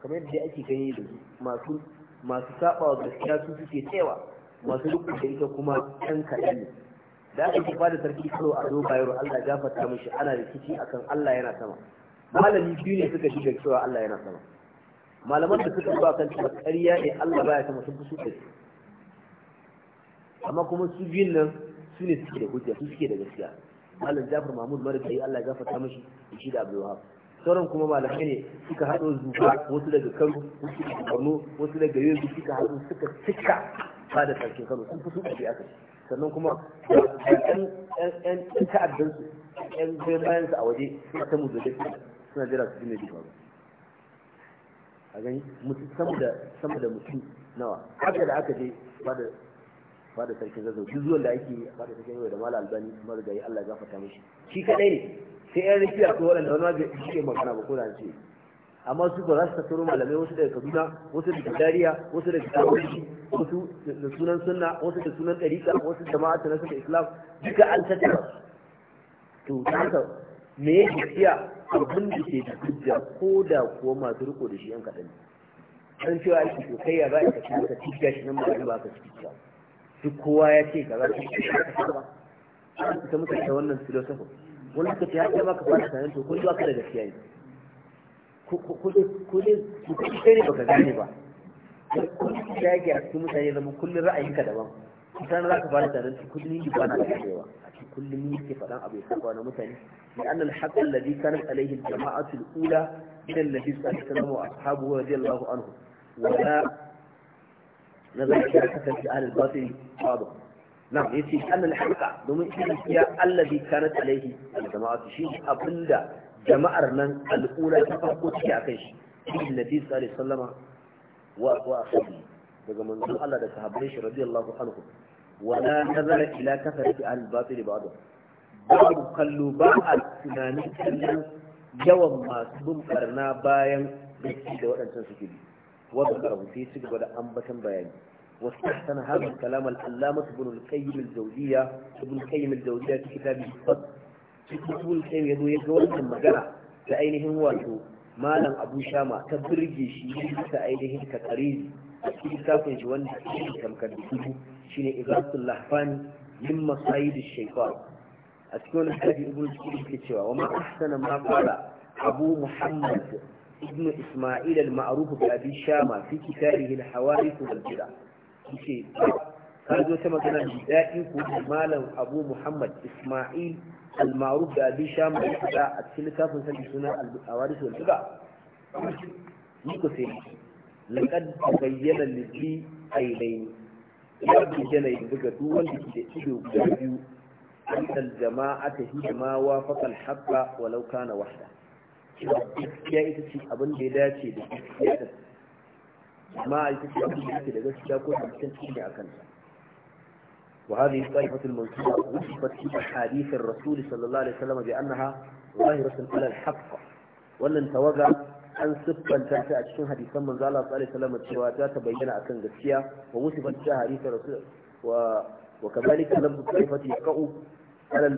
kamar yadda ake gani da masu masu sabawa gaskiya su suke cewa masu rukun da ita kuma ɗan kaɗan ne da aka ji fada sarki karo a zo bayaro allah gafarta mishi ana rikici akan allah yana sama malami biyu ne suka shiga cewa allah yana sama malaman da suka zuwa kan cewa ƙarya ne allah baya sama sun fi su da amma kuma su biyun nan su ne suke da hujja su suke da gaskiya malam jafar mahmud marigayi allah gafarta mishi shi da abdulwahab sauran kuma malamai ne suka haɗo zuba wasu daga kano wasu daga Kano, wasu daga yobe suka haɗo suka cika ba da sarkin kano sun fi su biya aka sannan kuma yan ta'addansu yan bayan su a waje suna ta da suna jira su jini da ba a gani sama da mutum nawa haka da aka je ba da da sarkin zazzau duk zuwan da ake yi a fada sarkin zazzau da mala albani marigayi allah ya gafarta mishi shi kadai ne sai yan rikiya ko waɗanda wani wajen shi magana ba ko da ce amma su ba za su tattaro malamai wasu daga kaduna wasu daga dariya wasu daga tarihi wasu da sunan sunna wasu da sunan ɗarika wasu jama'a ta nasarar islam duka an tattara to haka me ya ke siya abin da ke da hujja ko da kuwa masu riko da shi yan kaɗan an cewa ake to kai ya za ka ci ka ci gashi nan ba ba ka ci duk kowa ya ce ka za ka ci ka ci ba an fita ta wannan filosofin wani suka ce haƙƙi maka fara sanin to kun baka da gaskiya ne kudin kudin sai ne baka gane ba kudin da yake a cikin mutane zama kullum ra'ayinka daban kusan za ka fara sanin to kudin yi ba na da yawa a cikin kullum yake faɗan abu ya saba na mutane li anna al-haqqa alladhi kanat alayhi al-jama'atu al-ula ila alladhi sallallahu alaihi wasallam wa ashabuhu radiyallahu anhu wa la na zai kasance ahlul batil fadl نعم يتي أن الحقيقة دومين هي الذي كانت عليه الجماعة شيء أبدا جماعة من الأولى shi? في na النبي صلى الله عليه وسلم وأصحابه daga manzon Allah da sahabbai shi radiyallahu anhu wala nazara ila kafarati al batil ba'da babu kallo ba a tunanin kallon yawan masu bin barna bayan gaske da waɗancan suke bi wanda karabu sai ci gaba da ambatan bayani واستحسن هذا الكلام العلامة ابن القيم الجوزية ابن القيم الجوزية في كتابه الفضل ابن القيم يدو يدو wannan magana da ainihin wato malam Abu Shama ta burge shi ta ainihin ka kariri a cikin kafin shi wanda ke tamkar da shine Ibratul Lahfani min masayid ash a cikin wannan hadisi ibn ke cewa wa ma ahsana ma qala Abu Muhammad ابن إسماعيل المعروف بأبي شامة في كتابه الحوادث والبدع kuke ka zo ta magana da daɗi ko malam abu muhammad ismail al-ma'ruf da abin sha mai kada a cikin littafin sanin suna al-awari sun tuka ni ku sai laqad a yi ailayn ya bi jana yin buga duk wanda ke da ido guda biyu al jama'a ta hidima wa faqal haqqa walauka na wahda ya ita ce abin da ya dace da ya ما يكفي أبو يكفي لذلك يكون ممكن تكون أكنسا وهذه الطائفة المنصوبة وصفت في أحاديث الرسول صلى الله عليه وسلم بأنها ظاهرة على الحق وأن توقع an siffanta ta a cikin hadisan manzo Allah sallallahu alaihi wasallam cewa ta ta bayyana akan gaskiya wa musifat ta hadisan rasul wa wa kadhalika lam tusifati qa'u alal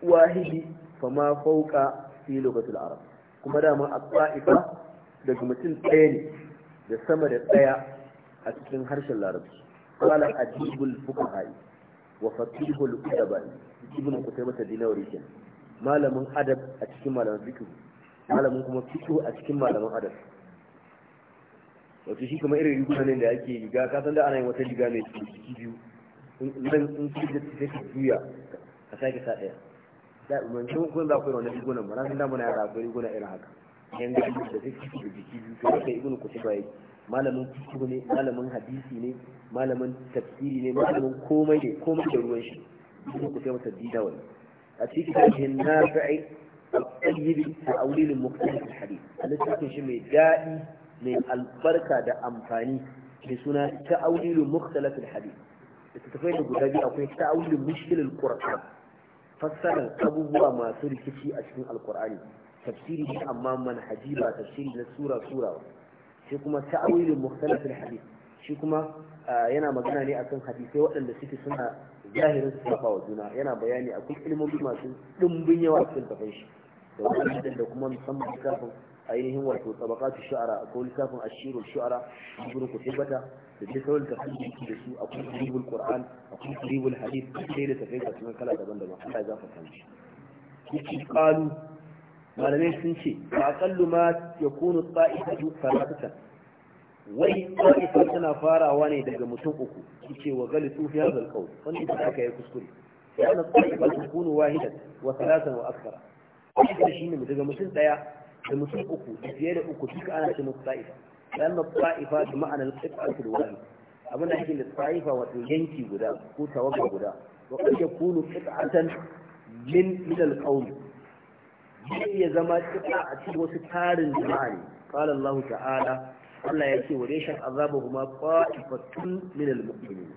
wahidi fama fawqa fi lugatil arab kuma dama at-ta'ifa mutum ɗaya ne da sama da ɗaya a cikin harshen larabci qala adibul fuqaha'i wa fatihul udaba ibn qutaybah ad-dinawri kin malamin adab a cikin malamin fiqh malamin kuma fiqh a cikin malamin adab wato shi kuma irin riguna ne da ake riga ka san da ana yin wata riga mai ciki biyu nan in ki da take juya ka sake sa daya da mun kun za ku yi wannan rigunan ba na san da muna yara akwai riguna irin haka yan gani da zai da jiki biyu kamar da ibnu kutuba yake malamin fiqh ne malamin hadisi ne malamin tafsiri ne malamin komai ne komai da ruwan shi ibnu kutuba sadida wani a cikin tarihin nafi'i al-tayyib ta'awil al-muqtadi al-hadith al-tafsir shi mai dadi mai albarka da amfani da suna ta al-muqtalaf al-hadith littattafai da guda biyu akwai ta'awil mushkil al-qur'an fassarar abubuwa masu rikici a cikin al-qur'ani tafsiri ne amma manhaji ba tafsiri na sura sura ba shi kuma ta'awilin mukhtalafil hadith shi kuma yana magana ne akan hadisai waɗanda suke suna zahirin su wa juna yana bayani akwai ilmomi masu ɗumbin yawa cikin tafai shi da waɗanda da kuma musamman littafin ainihin wato tabaqatu shu'ara ko littafin ashirul shu'ara ibnu kutubata da dai sauran tafsir da su a akwai qulubul qur'an akwai qulubul hadith sai da tafai da sunan kala daban-daban Allah ya gafarta shi. qalu malamai sun ce a kallu ma ya kunu tsa'ifatu salatata wai tsa'ifa tana farawa ne daga mutum uku su ce wa gali sufi ya zalkau wanda ita aka yi kuskure ya na tsa'ifa ta kunu wahidan wa salatan wa aksara tsa'ifa shi ne daga mutum ɗaya da mutum uku da fiye da uku duka ana ce musu tsa'ifa dan na tsa'ifa da ma'anar tsa'ifatu da wani abin da ake da tsa'ifa wato yanki guda ko tawaga guda wa ya kunu qit'atan min min al-qawli zai ya zama kiɗa a cikin wasu tarin jama'a ne qala Allah ta'ala Allah ya ce wa yashhad azabuhuma qa'ifatun min al-mu'minin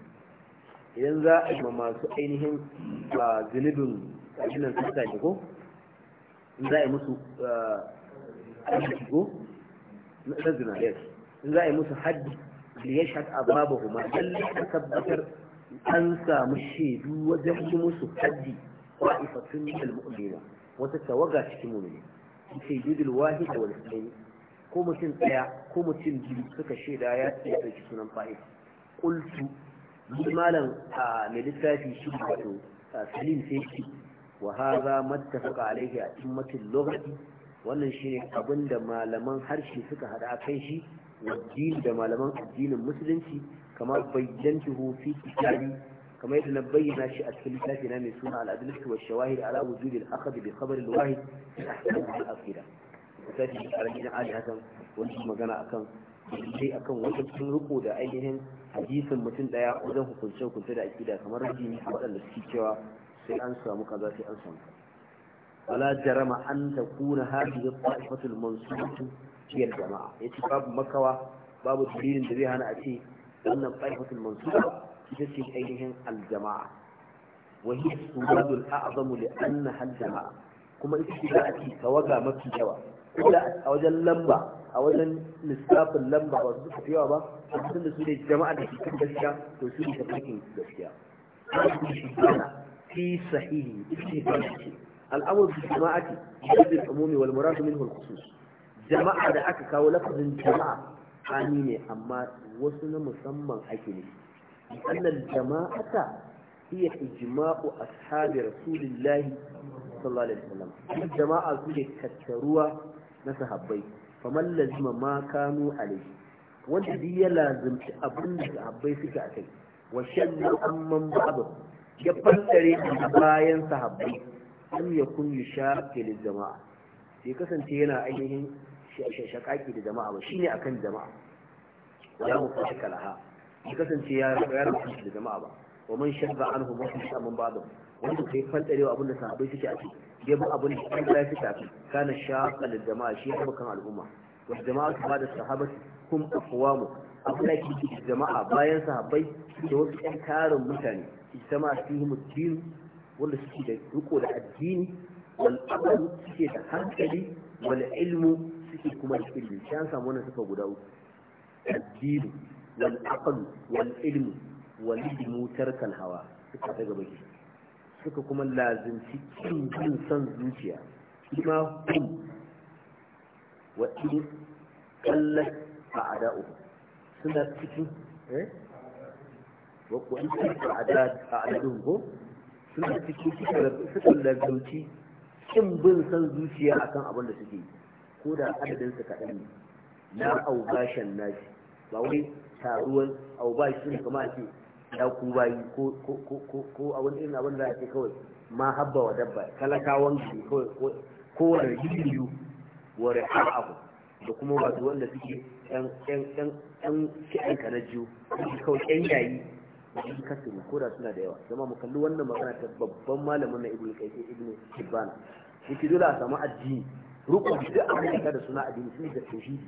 idan za a ma masu ainihin zunubin ajinan sassa ne ko in za a yi musu aiki ko na zina yes in za a yi musu haddi da ya shaɗa ababa kuma lalle a tabbatar an samu shaidu wajen yi musu haddi min al-mu'mina wata tawaga cikin mu'mini sai yudul wahid wal ithnain ko mutum daya ko mutum biyu suka shaida ya tsaya sunan fa'id qultu ni malam mai littafi shi wato salim sai shi wa hadha mattafaqa alayhi a timmatil lughati wannan shine abinda malaman harshe suka hada kai shi wa da malaman addinin musulunci kamar bayyantuhu fi kitabi كما يدنا بينا شيء الثلاثات نامي سنة على الأدلة والشواهد على وجود الأخذ بخبر الواحد من أحكام الأفئدة misali karamin ali hakan wani magana akan dai akan wajen sun riko da ainihin hadisin mutum daya wajen hukunce hukunce da akida kamar jini waɗanda suke cewa sai an samu kaza sai an samu wala jarama an ta kuna hadhihi ta'ifatul mansubatu fiyar jama'a yace babu makawa babu dalilin da zai hana a ce wannan ta'ifatul ita ce ainihin aljama'a wa hiya suradul a'zamu li annaha aljama'a kuma ita ce za a ci tawaga mafi yawa kuma a wajen lamba lamba ba su tafi yawa ba a cikin da su ne jama'a da cikin gaskiya to su ne tafarkin gaskiya fi sahihi ita ce ce al'amur jama'a da aka kawo lafazin jama'a hani ne amma wasu na musamman ake أن الجماعة هي إجماع أصحاب رسول الله صلى الله عليه وسلم الجماعة سنة كتروا نسحبي فمن لزم ما كانوا عليه والذي لازم أبن سحبي سكعتي وشن أمم بعضهم يبنتري باين سحبي لم يكن يشارك للجماعة sai kasance yana ainihin shakaki da jama'a ba shine akan jama'a wala mu fashi kalaha ya kasance ya rabu shi da jama'a ba wa man shadda anhu ma shi amman ba wanda kai fantarewa abin da sahabbai suke a ciki ya bi abin da Allah ya fita tafi kana shaqa da jama'a shi kuma kan al'umma wa jama'a ba da sahabati kum aqwamu abla ki jama'a bayan sahabbai da wasu ƴan tarin mutane ijtama fihi mutin wanda suke da riko da addini wal aqlu suke da hankali wal ilmu suke kuma da ilimi sai an samu wannan suka guda uku addini wal aql wal ilm wal ilmu tarkal hawa suka ta gaba ki suka kuma lazimci kin kin son zuciya kuma kun wa in kallat a'da'u suna cikin eh wa in kallat a'da'u ko suna cikin suka lazimci kin bin son zuciya a kan abin da suke ko da adadin su kaɗan ne na aubashan nashi ba wai taruwan abu ba shi ne kama a ce ya ku bayi ko a wani irin abin da ake kawai ma habba wa dabba talakawan shi kawai ko wani rigiyu wa rihar abu da kuma wasu wanda suke yan kiɗan ka na jiyo kawai yan yayi wajen kasu ko da suna da yawa zama mu kalli wannan magana ta babban malamin na ibnu kai ibnu kibban shi dole a samu addini rukun duk abin da suna addini sun da tauhidi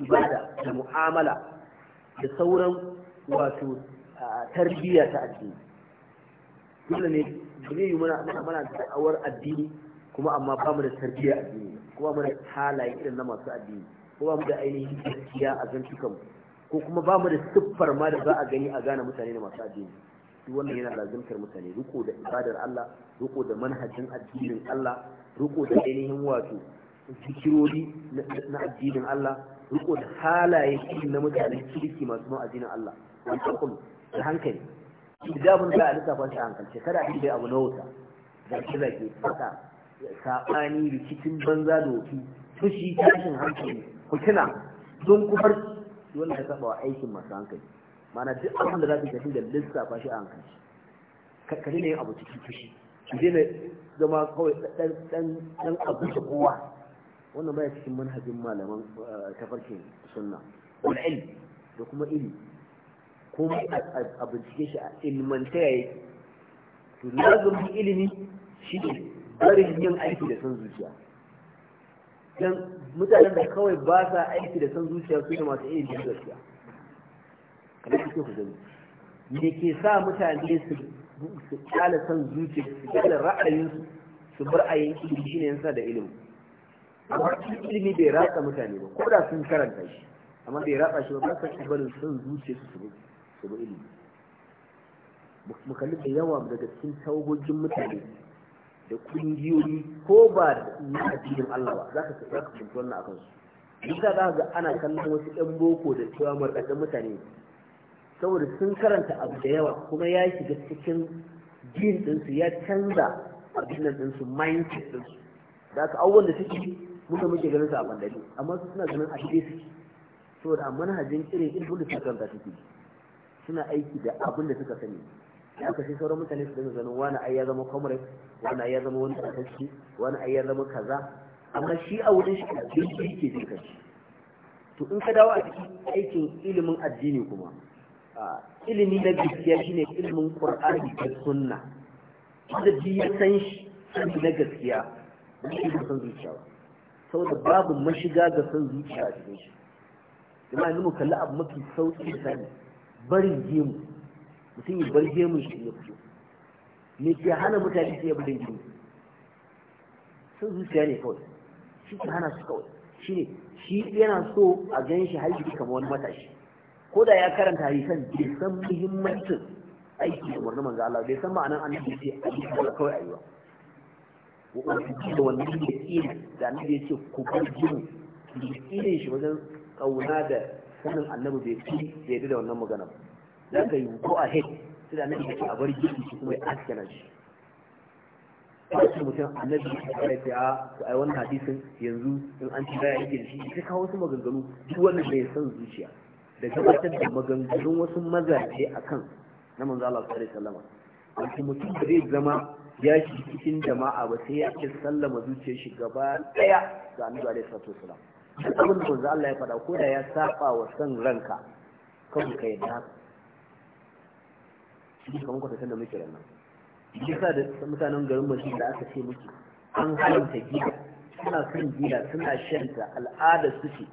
ibada da mu'amala da sauran wato tarbiyya ta addini dole ne ba zai yi mana da'awar addini kuma amma ba mu da tarbiyya addini kuma mu da halaye irin na masu addini ko ba mu da ainihin gaskiya a zantukan ko kuma ba mu da siffar ma da za a gani a gane mutane da masu addini duk wannan yana lazimtar mutane riko da ibadar Allah riko da manhajin addinin Allah riko da ainihin wato zikirori na addinin Allah riko da halaye irin na mutanen kirki masu bin addinin Allah wani takulu da hankali hijabun za a lissafa shi a hankalce kada a bai abu na wuta Da zaki ke fata saɓani rikicin banza da wofi fushi tashin hankali hukuna don kufar wanda ta saba wa aikin masu hankali mana duk abin da za ka tafi da lissafa shi a hankali. ka ne abu cikin fushi ki daina zama kawai ɗan abu da kowa wannan baya cikin manhajin malaman eh, tafarkin sunna wal ilm da kuma ilmi kuma a bincike shi a ilmanta yayi to lazumi ilimi shi ne barin yin aiki da san zuciya dan mutanen da kawai ba sa aiki da san zuciya su ne masu ilimi gaskiya kamar kuke ku gani me ke sa mutane su su kyala san zuciya su kyala ra'ayinsu su bar ayin ilimi shi shine yansa da ilimi amma ilimi bai ratsa mutane ba ko da sun karanta shi amma bai ratsa shi ba ba sa barin son zuce su su bi ilimi mu kalli da yawa daga cikin tawagogin mutane da kungiyoyi ko ba na addinin Allah ba za ka ka ka kuntu wannan akan su duk da za ga ana kallon wasu ɗan boko da cewa marɗaɗɗen mutane saboda sun karanta abu da yawa kuma ya shiga cikin jin ɗinsu ya canza abin nan ɗinsu mindset ɗinsu da ka awon da suke mun da muke ganin su a bandari amma su suna ganin a shige su saboda a manhajin irin ilmin da suka ganta suke suna aiki da abin da suka sani ya kashe sauran mutane su dinga ganin wani ai ya zama comrade wani ai ya zama wani tsakaci wani ai ya zama kaza amma shi a wurin shi abin yake jin kashi to in ka dawo a cikin aikin ilimin addini kuma ilimi na gaskiya shine ilimin qur'ani da sunna wanda ji san shi na gaskiya ba shi da san zuciya saboda babu mashiga ga son zuciya a cikin shi jama'a yanzu mu kalli abu mafi sauki da sani barin gemu mutum ya bar gemun shi ya fito me ke hana mutane su ya barin gemu son zuciya ne kawai shi ke hana su kawai shi ne shi yana so a gan shi har shi kamar wani matashi ko da ya karanta hadisan bai san muhimmancin aiki da murnin manzo Allah bai san ma'anar annabi sai a yi kawai ayyuka ubangiji da wannan yaƙini da annabi ya ce ku bar jini yaƙinin shi wajen ƙauna da sanin annabi bai fi da yadda da wannan magana ba za ka yi ko a hek sai da annabi ya ce a bar jini shi kuma ya askana shi su mutum annabi ya ce a ku ai wannan hadisin yanzu in an ci baya yake da shi sai kawo wasu maganganu duk wannan bai san zuciya da gabatar da maganganun wasu mazaje kan na manzo Allah sallallahu alaihi wasallam mutum da zai zama ya shi cikin jama'a ba sai ya ce sallama zuciyar shi gaba daya ga annabi alaihi salatu wasalam abin da manzo Allah ya faɗa ko da ya saba wa san ranka kawai ka da shi kamar kwatanta da muke ranar bisa da mutanen garin mashi da aka ce muke an haramta gida suna kan gida suna shanta al'ada su ce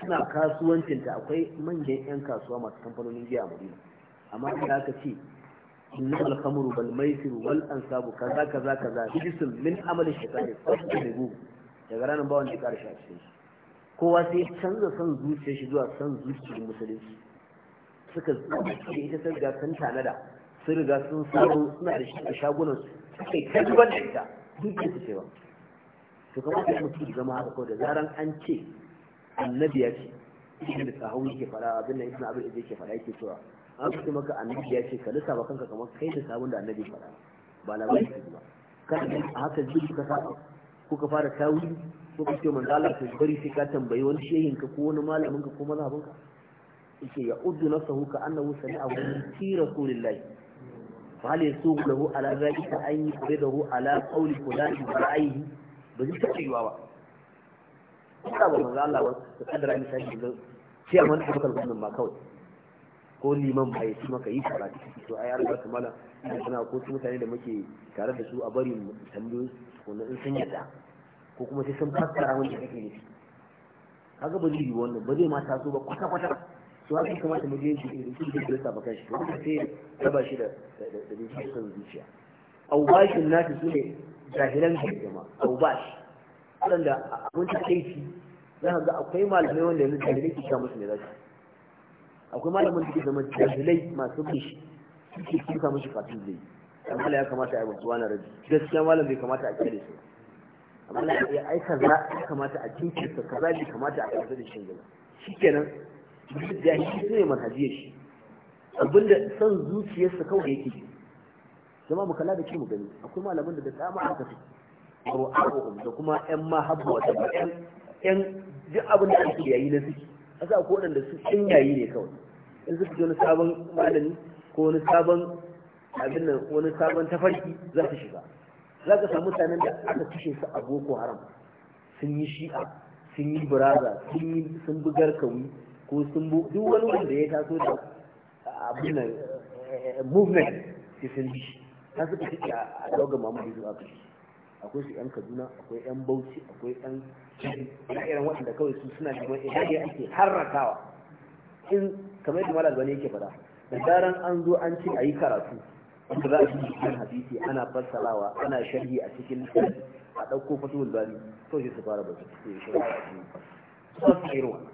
suna kasuwancinta akwai manyan 'yan kasuwa masu kamfanonin giya a madina amma da aka ce إنما الخمر والميسر والأنساب كذا كذا كذا جسم من عمل الشيطان فاجتنبوه daga ranar ba wanda ya ƙara kowa sai canza son zuciya shi zuwa son zuciyar musulunci suka zuci da ita sun riga sun sun riga sun samu suna da shi a shagunan suka yi kajiban da ita da su ce ba to kamar da zama kawai da an ce annabi ya ce shi da sahau yake fara abin nan ibn abin da aka ce maka annabi ya ce ka ba kanka kamar kai da sabon da annabi fara ba labari bai ba kan a haka zuci ka saba ko ka fara tawili ko ka ce manzo Allah ka bari sai ka tambayi wani shehin ka ko wani malamin ka ko mazhabin ka yake ya uddu nafsahu ka annahu sami'a wa yuti rasulillahi fa hal yasuqu lahu ala zalika an yuqridahu ala qawli fulani wa ra'yihi ba zai tafi yiwa ba ko da ba manzo Allah ba ka kadara misali da sai amma ka bakar wannan ba kawai ko liman ba ya ci maka yi karatu to ai an gasa mala ina kana ko su mutane da muke tare da su a bari tambayoyi ko na san yadda ko kuma sai sun fassara wanda kake ne kaga ba zai yi wannan ba zai ma taso ba kwata kwata to haka kamata ta muje shi da shi da sa baka shi to sai raba shi da da da shi san zuciya au na nasu sune jahilan jama'a au bashi wanda abin takeici za ka ga akwai malamai wanda yanzu da yake ta musu ne za su akwai malamin da zama jahilai masu bishi suke tuka mishi fatin zai amma ya kamata a yi wani rabi gaskiya malam bai kamata a kyale su amma ya aika za a kamata a kinke su kaza bai kamata a kyale da shin gaba shikenan shi su ya manhajiyar shi abinda son zuciyarsa kawai yake zama mu kala da ke mu gani akwai malamin da da an aka fi ru'a'uhum da kuma yan mahabba wata ba yan duk abin da ake yayi na suke sa ko waɗanda su ɗin yayi ne kawai in su fito wani sabon malami ko wani sabon abin nan wani sabon tafarki za su shiga za ka samu mutanen da aka kashe su a boko haram sun yi shi'a sun yi buraza sun yi sun bi garkawi ko sun bu duk wani wanda ya taso da abin nan eh, eh, movement sai sun bi ta suka ciki a ɗaukar mamu da zuwa kashi akwai su yan kaduna akwai yan bauchi akwai yan irin waɗanda kawai su suna neman ina ake harrakawa in kamar yadda malam bane yake fada da daren an zo an ce a yi karatu wanda za a yi cikin hadisi ana fassarawa ana sharhi a cikin a ɗauko fatuwar bani kawai su fara ba su yi shirya a cikin sun fi irin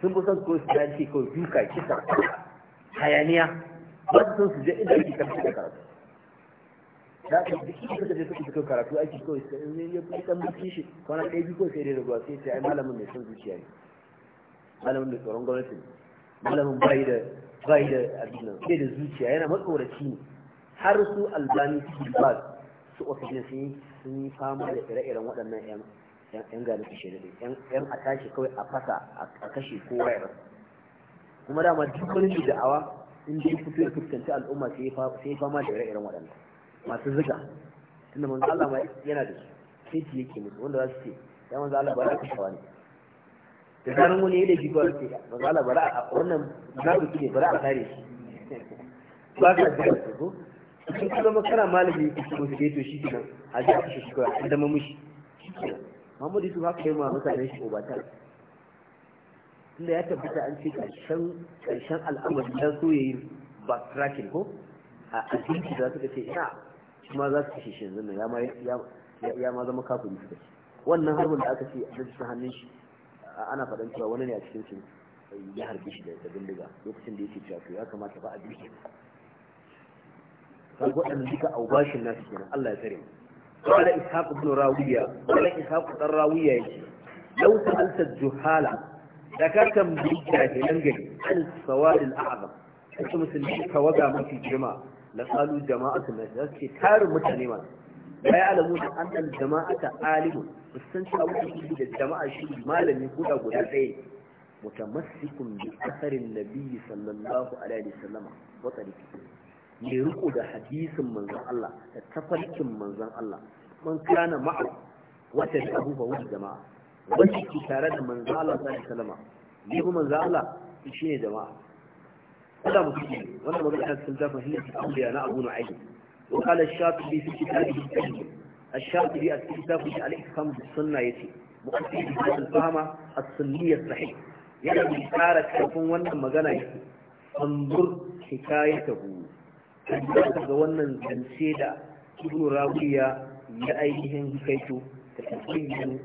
sun fi son ko su dace kawai duka kisa hayaniya ba su son su je inda ake karfi da karatu da ka duk inda suka je suka fito karatu aiki kawai sai in ya fi dan bacci shi kwana ɗaya biyu kawai sai dai rabuwa sai sai ai malamin mai son zuciya ne malamin mai tsoron gwamnati ne malamin bai da bai da abin nan sai da zuciya yana matsoraci ne har su albani su ba su ofishin sun sun yi fama da ire-iren waɗannan yan yan gane su shaida yan yan a tashi kawai a fasa a kashe kowa ya kuma dama duk wani da'awa in dai fito ya fuskanci al'umma sai ya fama da ire-iren waɗannan masu zuga tunda manzo Allah ma yana da shi shi yake musu wanda za su ce ya manzo Allah ba za ka shawa ne da zaran wani da shi ba ce manzo Allah bara a wannan za zabi ne bara a kare shi ba ka ziga su ko sun kuma zama kana malami ko su ke eh, to shi kenan a ji a kashe shi kawai an zama mushi Muhammadu su haka yi ma mutanen shi obatar tunda ya tabbata an ce karshen karshen al'amari dan so ba tracking ko a cikin da suka ce ina kuma za su kashe shi yanzu ya ma zama kafin suka ce wannan harbin da aka ce a cikin hannun shi ana faɗan cewa wani ne a cikin su ya harbe shi da bindiga lokacin da yake cewa to ya kamata ba a bi shi kan waɗanda duka aubashin nasu kenan Allah ya tsare mu قال إسحاق بن راوية قال إسحاق بن راوية لو سألت الجهالة ذكرت من جاهلا عن السواد الأعظم أنت مسلمين كوجع ما في جماعة la qalu jama'atu nas za su tarin mutane ma la ya'lamu da annal jama'ata alimun musan ta wuce da jama'a shi malami guda guda ɗaya mutamassikun bi asarin nabiyyi sallallahu alaihi wasallam wa tariqi mai riko da hadisin manzan Allah da tafarkin manzan Allah man kana ma'a wata abu fa wata jama'a wacce ke tare da manzon Allah sallallahu alaihi wasallam ne manzon Allah shi ne jama'a Allah mu fiye wannan magana ta cikin zafin hinda ta ambiya na abu na aiki mu fi bi kitabin fahama a wannan magana yake sandur wannan zance da ibnu rawiya ya ainihin hikaito ta cikin yin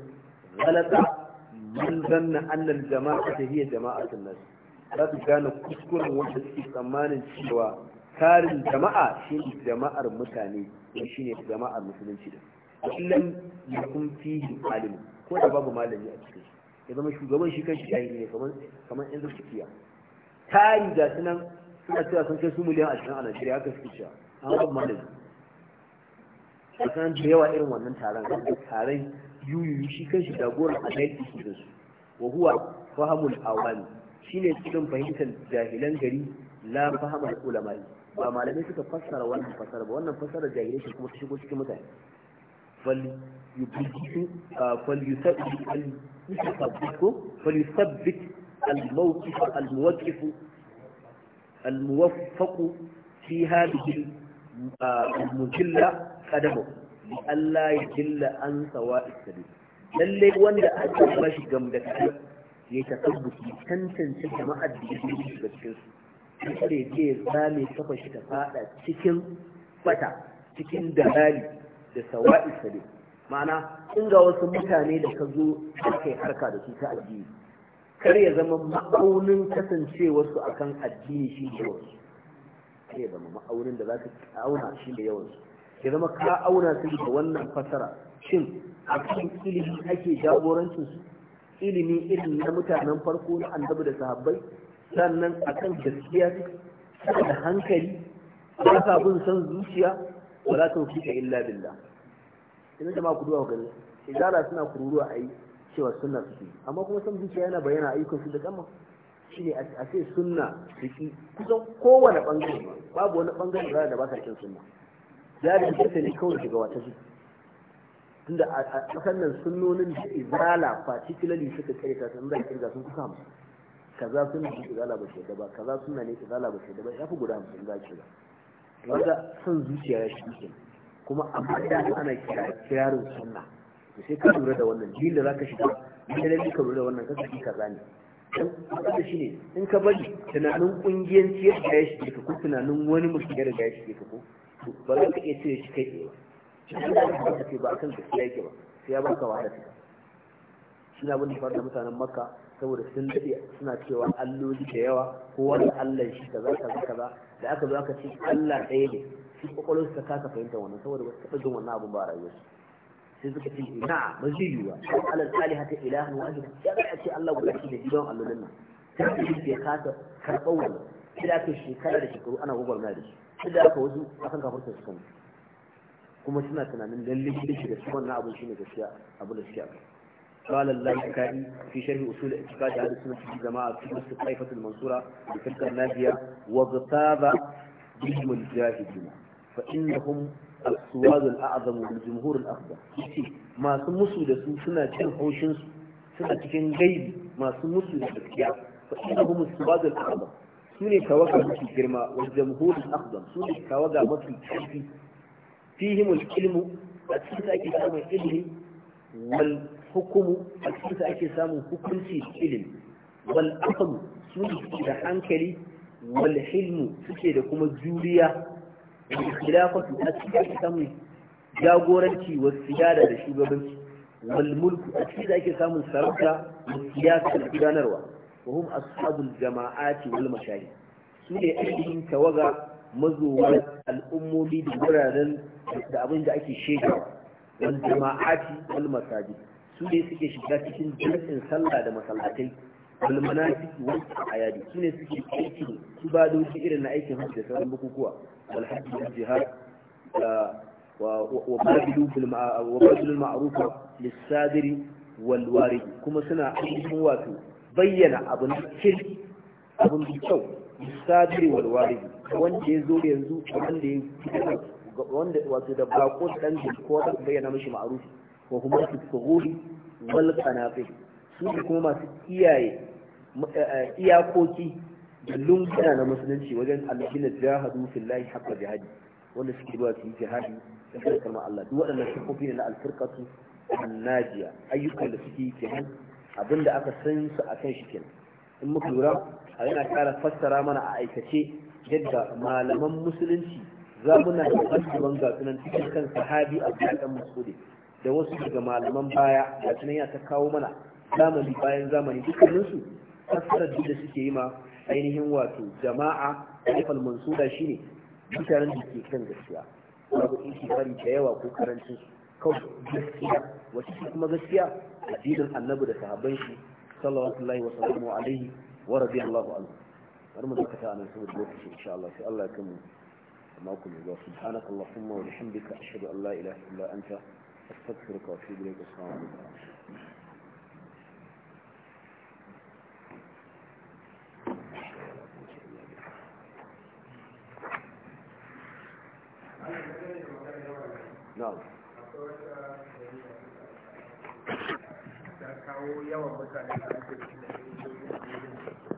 galata من za su gane kuskuren wanda suke tsammanin cewa karin jama'a shine jama'ar mutane ko ne jama'ar musulunci da illan yakun fihi alim ko da babu malami a cikin ya zama shugaban shi kan ya yi ne kamar kamar yanzu tafiya tari da nan suna cewa sun kai su miliyan ashirin a Najeriya haka suke cewa an babu malami kusan da yawa irin wannan taron da taron yuyu shi shi jagoran a daiki su su wa huwa fahamul shine cikin fahimtar jahilan gari la fahama ulama ba malamai suka fassara wannan fassara ba wannan fassara jahilai shi kuma ta shigo cikin mutane fal yubitu fal yusabbit al yusabbit ko fal yusabbit al mawqif al muwaqqif al muwaffaq fi hadhihi al mujilla qadamu bi alla yajilla an sawa'i sabil lalle wanda aka bashi gamdakatar ya tasabbuki tantance jama'ar da ya yi da cikin su kare je zame kafa shi ta fada cikin fata cikin dalali da sawa'i salim ma'ana in ga wasu mutane da ka zo kai harka da su ta addini kar ya zama ma'aunin kasancewarsu akan addini shi ne yawansu kar ya zama ma'aunin da za ka auna shi ne yawansu ya zama ka auna su da wannan fasara shin a cikin ilimi ake jagorancinsu ilimi irin na mutanen farko na annabi da sahabbai sannan a kan gaskiya da hankali ba sa bin san zuciya ba za ta fi illa billah idan jama'a ku duwa gani idara suna kururuwa a yi cewa sunna suke amma kuma san zuciya yana bayyana ayyukan su da gama. shine a ce sunna suke kusan kowane bangare babu wani bangare da ba sa cin sunna ya da ne kawai shiga wata zuciya tunda a kasan nan sunnonin da izala particularly suka kai ta sun da kirga sun kusa hamsin kaza suna ne izala ba da ba kaza suna ne izala ba da ba ya fi guda hamsin za ki ba wanda San zuciya ya shi kuma amma idan ana kira kirarin sunna to sai ka lura da wannan jin da zaka shiga idan ka lura da wannan ka ki kaza ne dan shi ne, in ka bari tunanin kungiyanci ya shiga ya shige ka ko tunanin wani mutum ya riga ya shige ka ko ba za ka iya cire shi kai ba shi da aka baka ce ba akan gaskiya yake ba sai ya baka wahala ta shi na bin da mutanen makka saboda sun dade suna cewa alloli da yawa ko wani allah shi kaza kaza kaza da aka zo aka ce allah ɗaya ne shi kwakwalwarsu ta kasa fahimtar wannan saboda ba su taɓa jin wannan abin ba a rayuwarsu sai suka ce na ba zai yiwa alal alihata ilahu wahid ya ga ce allah guda shi da gidan allolin nan Ta su ke kasa karɓar wannan sai da aka shekara da shekaru ana gwagwarmaya da shi sai da aka wasu akan kafurta su kan kuma suna tunanin lalle shi da wannan abun shine gaskiya abu da suke abu قال اللالكائي في شرح أصول اعتقاد أهل السنة والجماعة في نفس الطائفة المنصورة بتلك النادية واغتاب بهم الجاهدين فإنهم السواد الأعظم والجمهور الأخضر ما سمسوا لسو سنة تنحوشن سنة تكن غيب ما سمسوا لسكيا فإنهم السواد الأعظم سنة كوكا في كرما والجمهور الأخضر سنة كوكا في كرما fihimul ilmu a cikin ake samun ilimi wal a cikin ake samun hukunci ilimi wal aqlu su da hankali wal hilmu suke da kuma juriya da khilafatu a cikin ake samun jagoranci wa siyada da shugabanci mulku a cikin ake samun sarauta da siyasa da gudanarwa وهم أصحاب الجماعات والمشاهد سنة أهلهم كوغا mazuwar al'ummomi da wuraren da abin da ake shegawa wal jama'ati wal masaji su ne suke shiga cikin jirgin sallah da masallatai wal manasik wal ayadi su ne suke aikin su ba wuce irin na aikin hajji da sauran bukukuwa wal hajji wal ah, wa وبادلوا وبادلوا المعروف للصادر والوارد كما سنا ainihin wato bayyana abun kirki da kyau للصادر wanda ya zo yanzu wanda ya fitar wanda wato da bako da dan jiki ko da bayyana mishi ma'arufi wa kuma su tsohuri wal qanafi su ne kuma masu kiyaye eh, iyakoki da lunguna na musulunci wajen alhina jahadu fillahi haqqa jihadi wanda suke zuwa su yi jihadi da kuma kalmar Allah duk waɗannan sifofi ne na alfirqatu annajiya ayyukan da suke yi kenan abinda aka san su a kan shi kenan in muka lura a yana kara fassara mana a aikace yadda malaman musulunci zamuna da ɓangaren gasunan sunan cikin kan sahabi a bayan masudi da wasu daga malaman baya da ya ta kawo mana zamani bayan zamani dukkaninsu fassarar da suke yi ma ainihin wato jama'a alifal mansuda shine mutanen da ke kan gaskiya babu inkifari da yawa ko karancin kawai gaskiya wasu kuma gaskiya addinin annabi da sahabban shi sallallahu alaihi wa sallam wa alaihi wa radiyallahu anhu أرمدك أنا أحمد بك إن شاء الله في الله كم موكم الله سبحانك اللهم ولحمدك أشهد أن لا إله إلا أنت أستغفرك وفي بريك السلام عليكم نعم.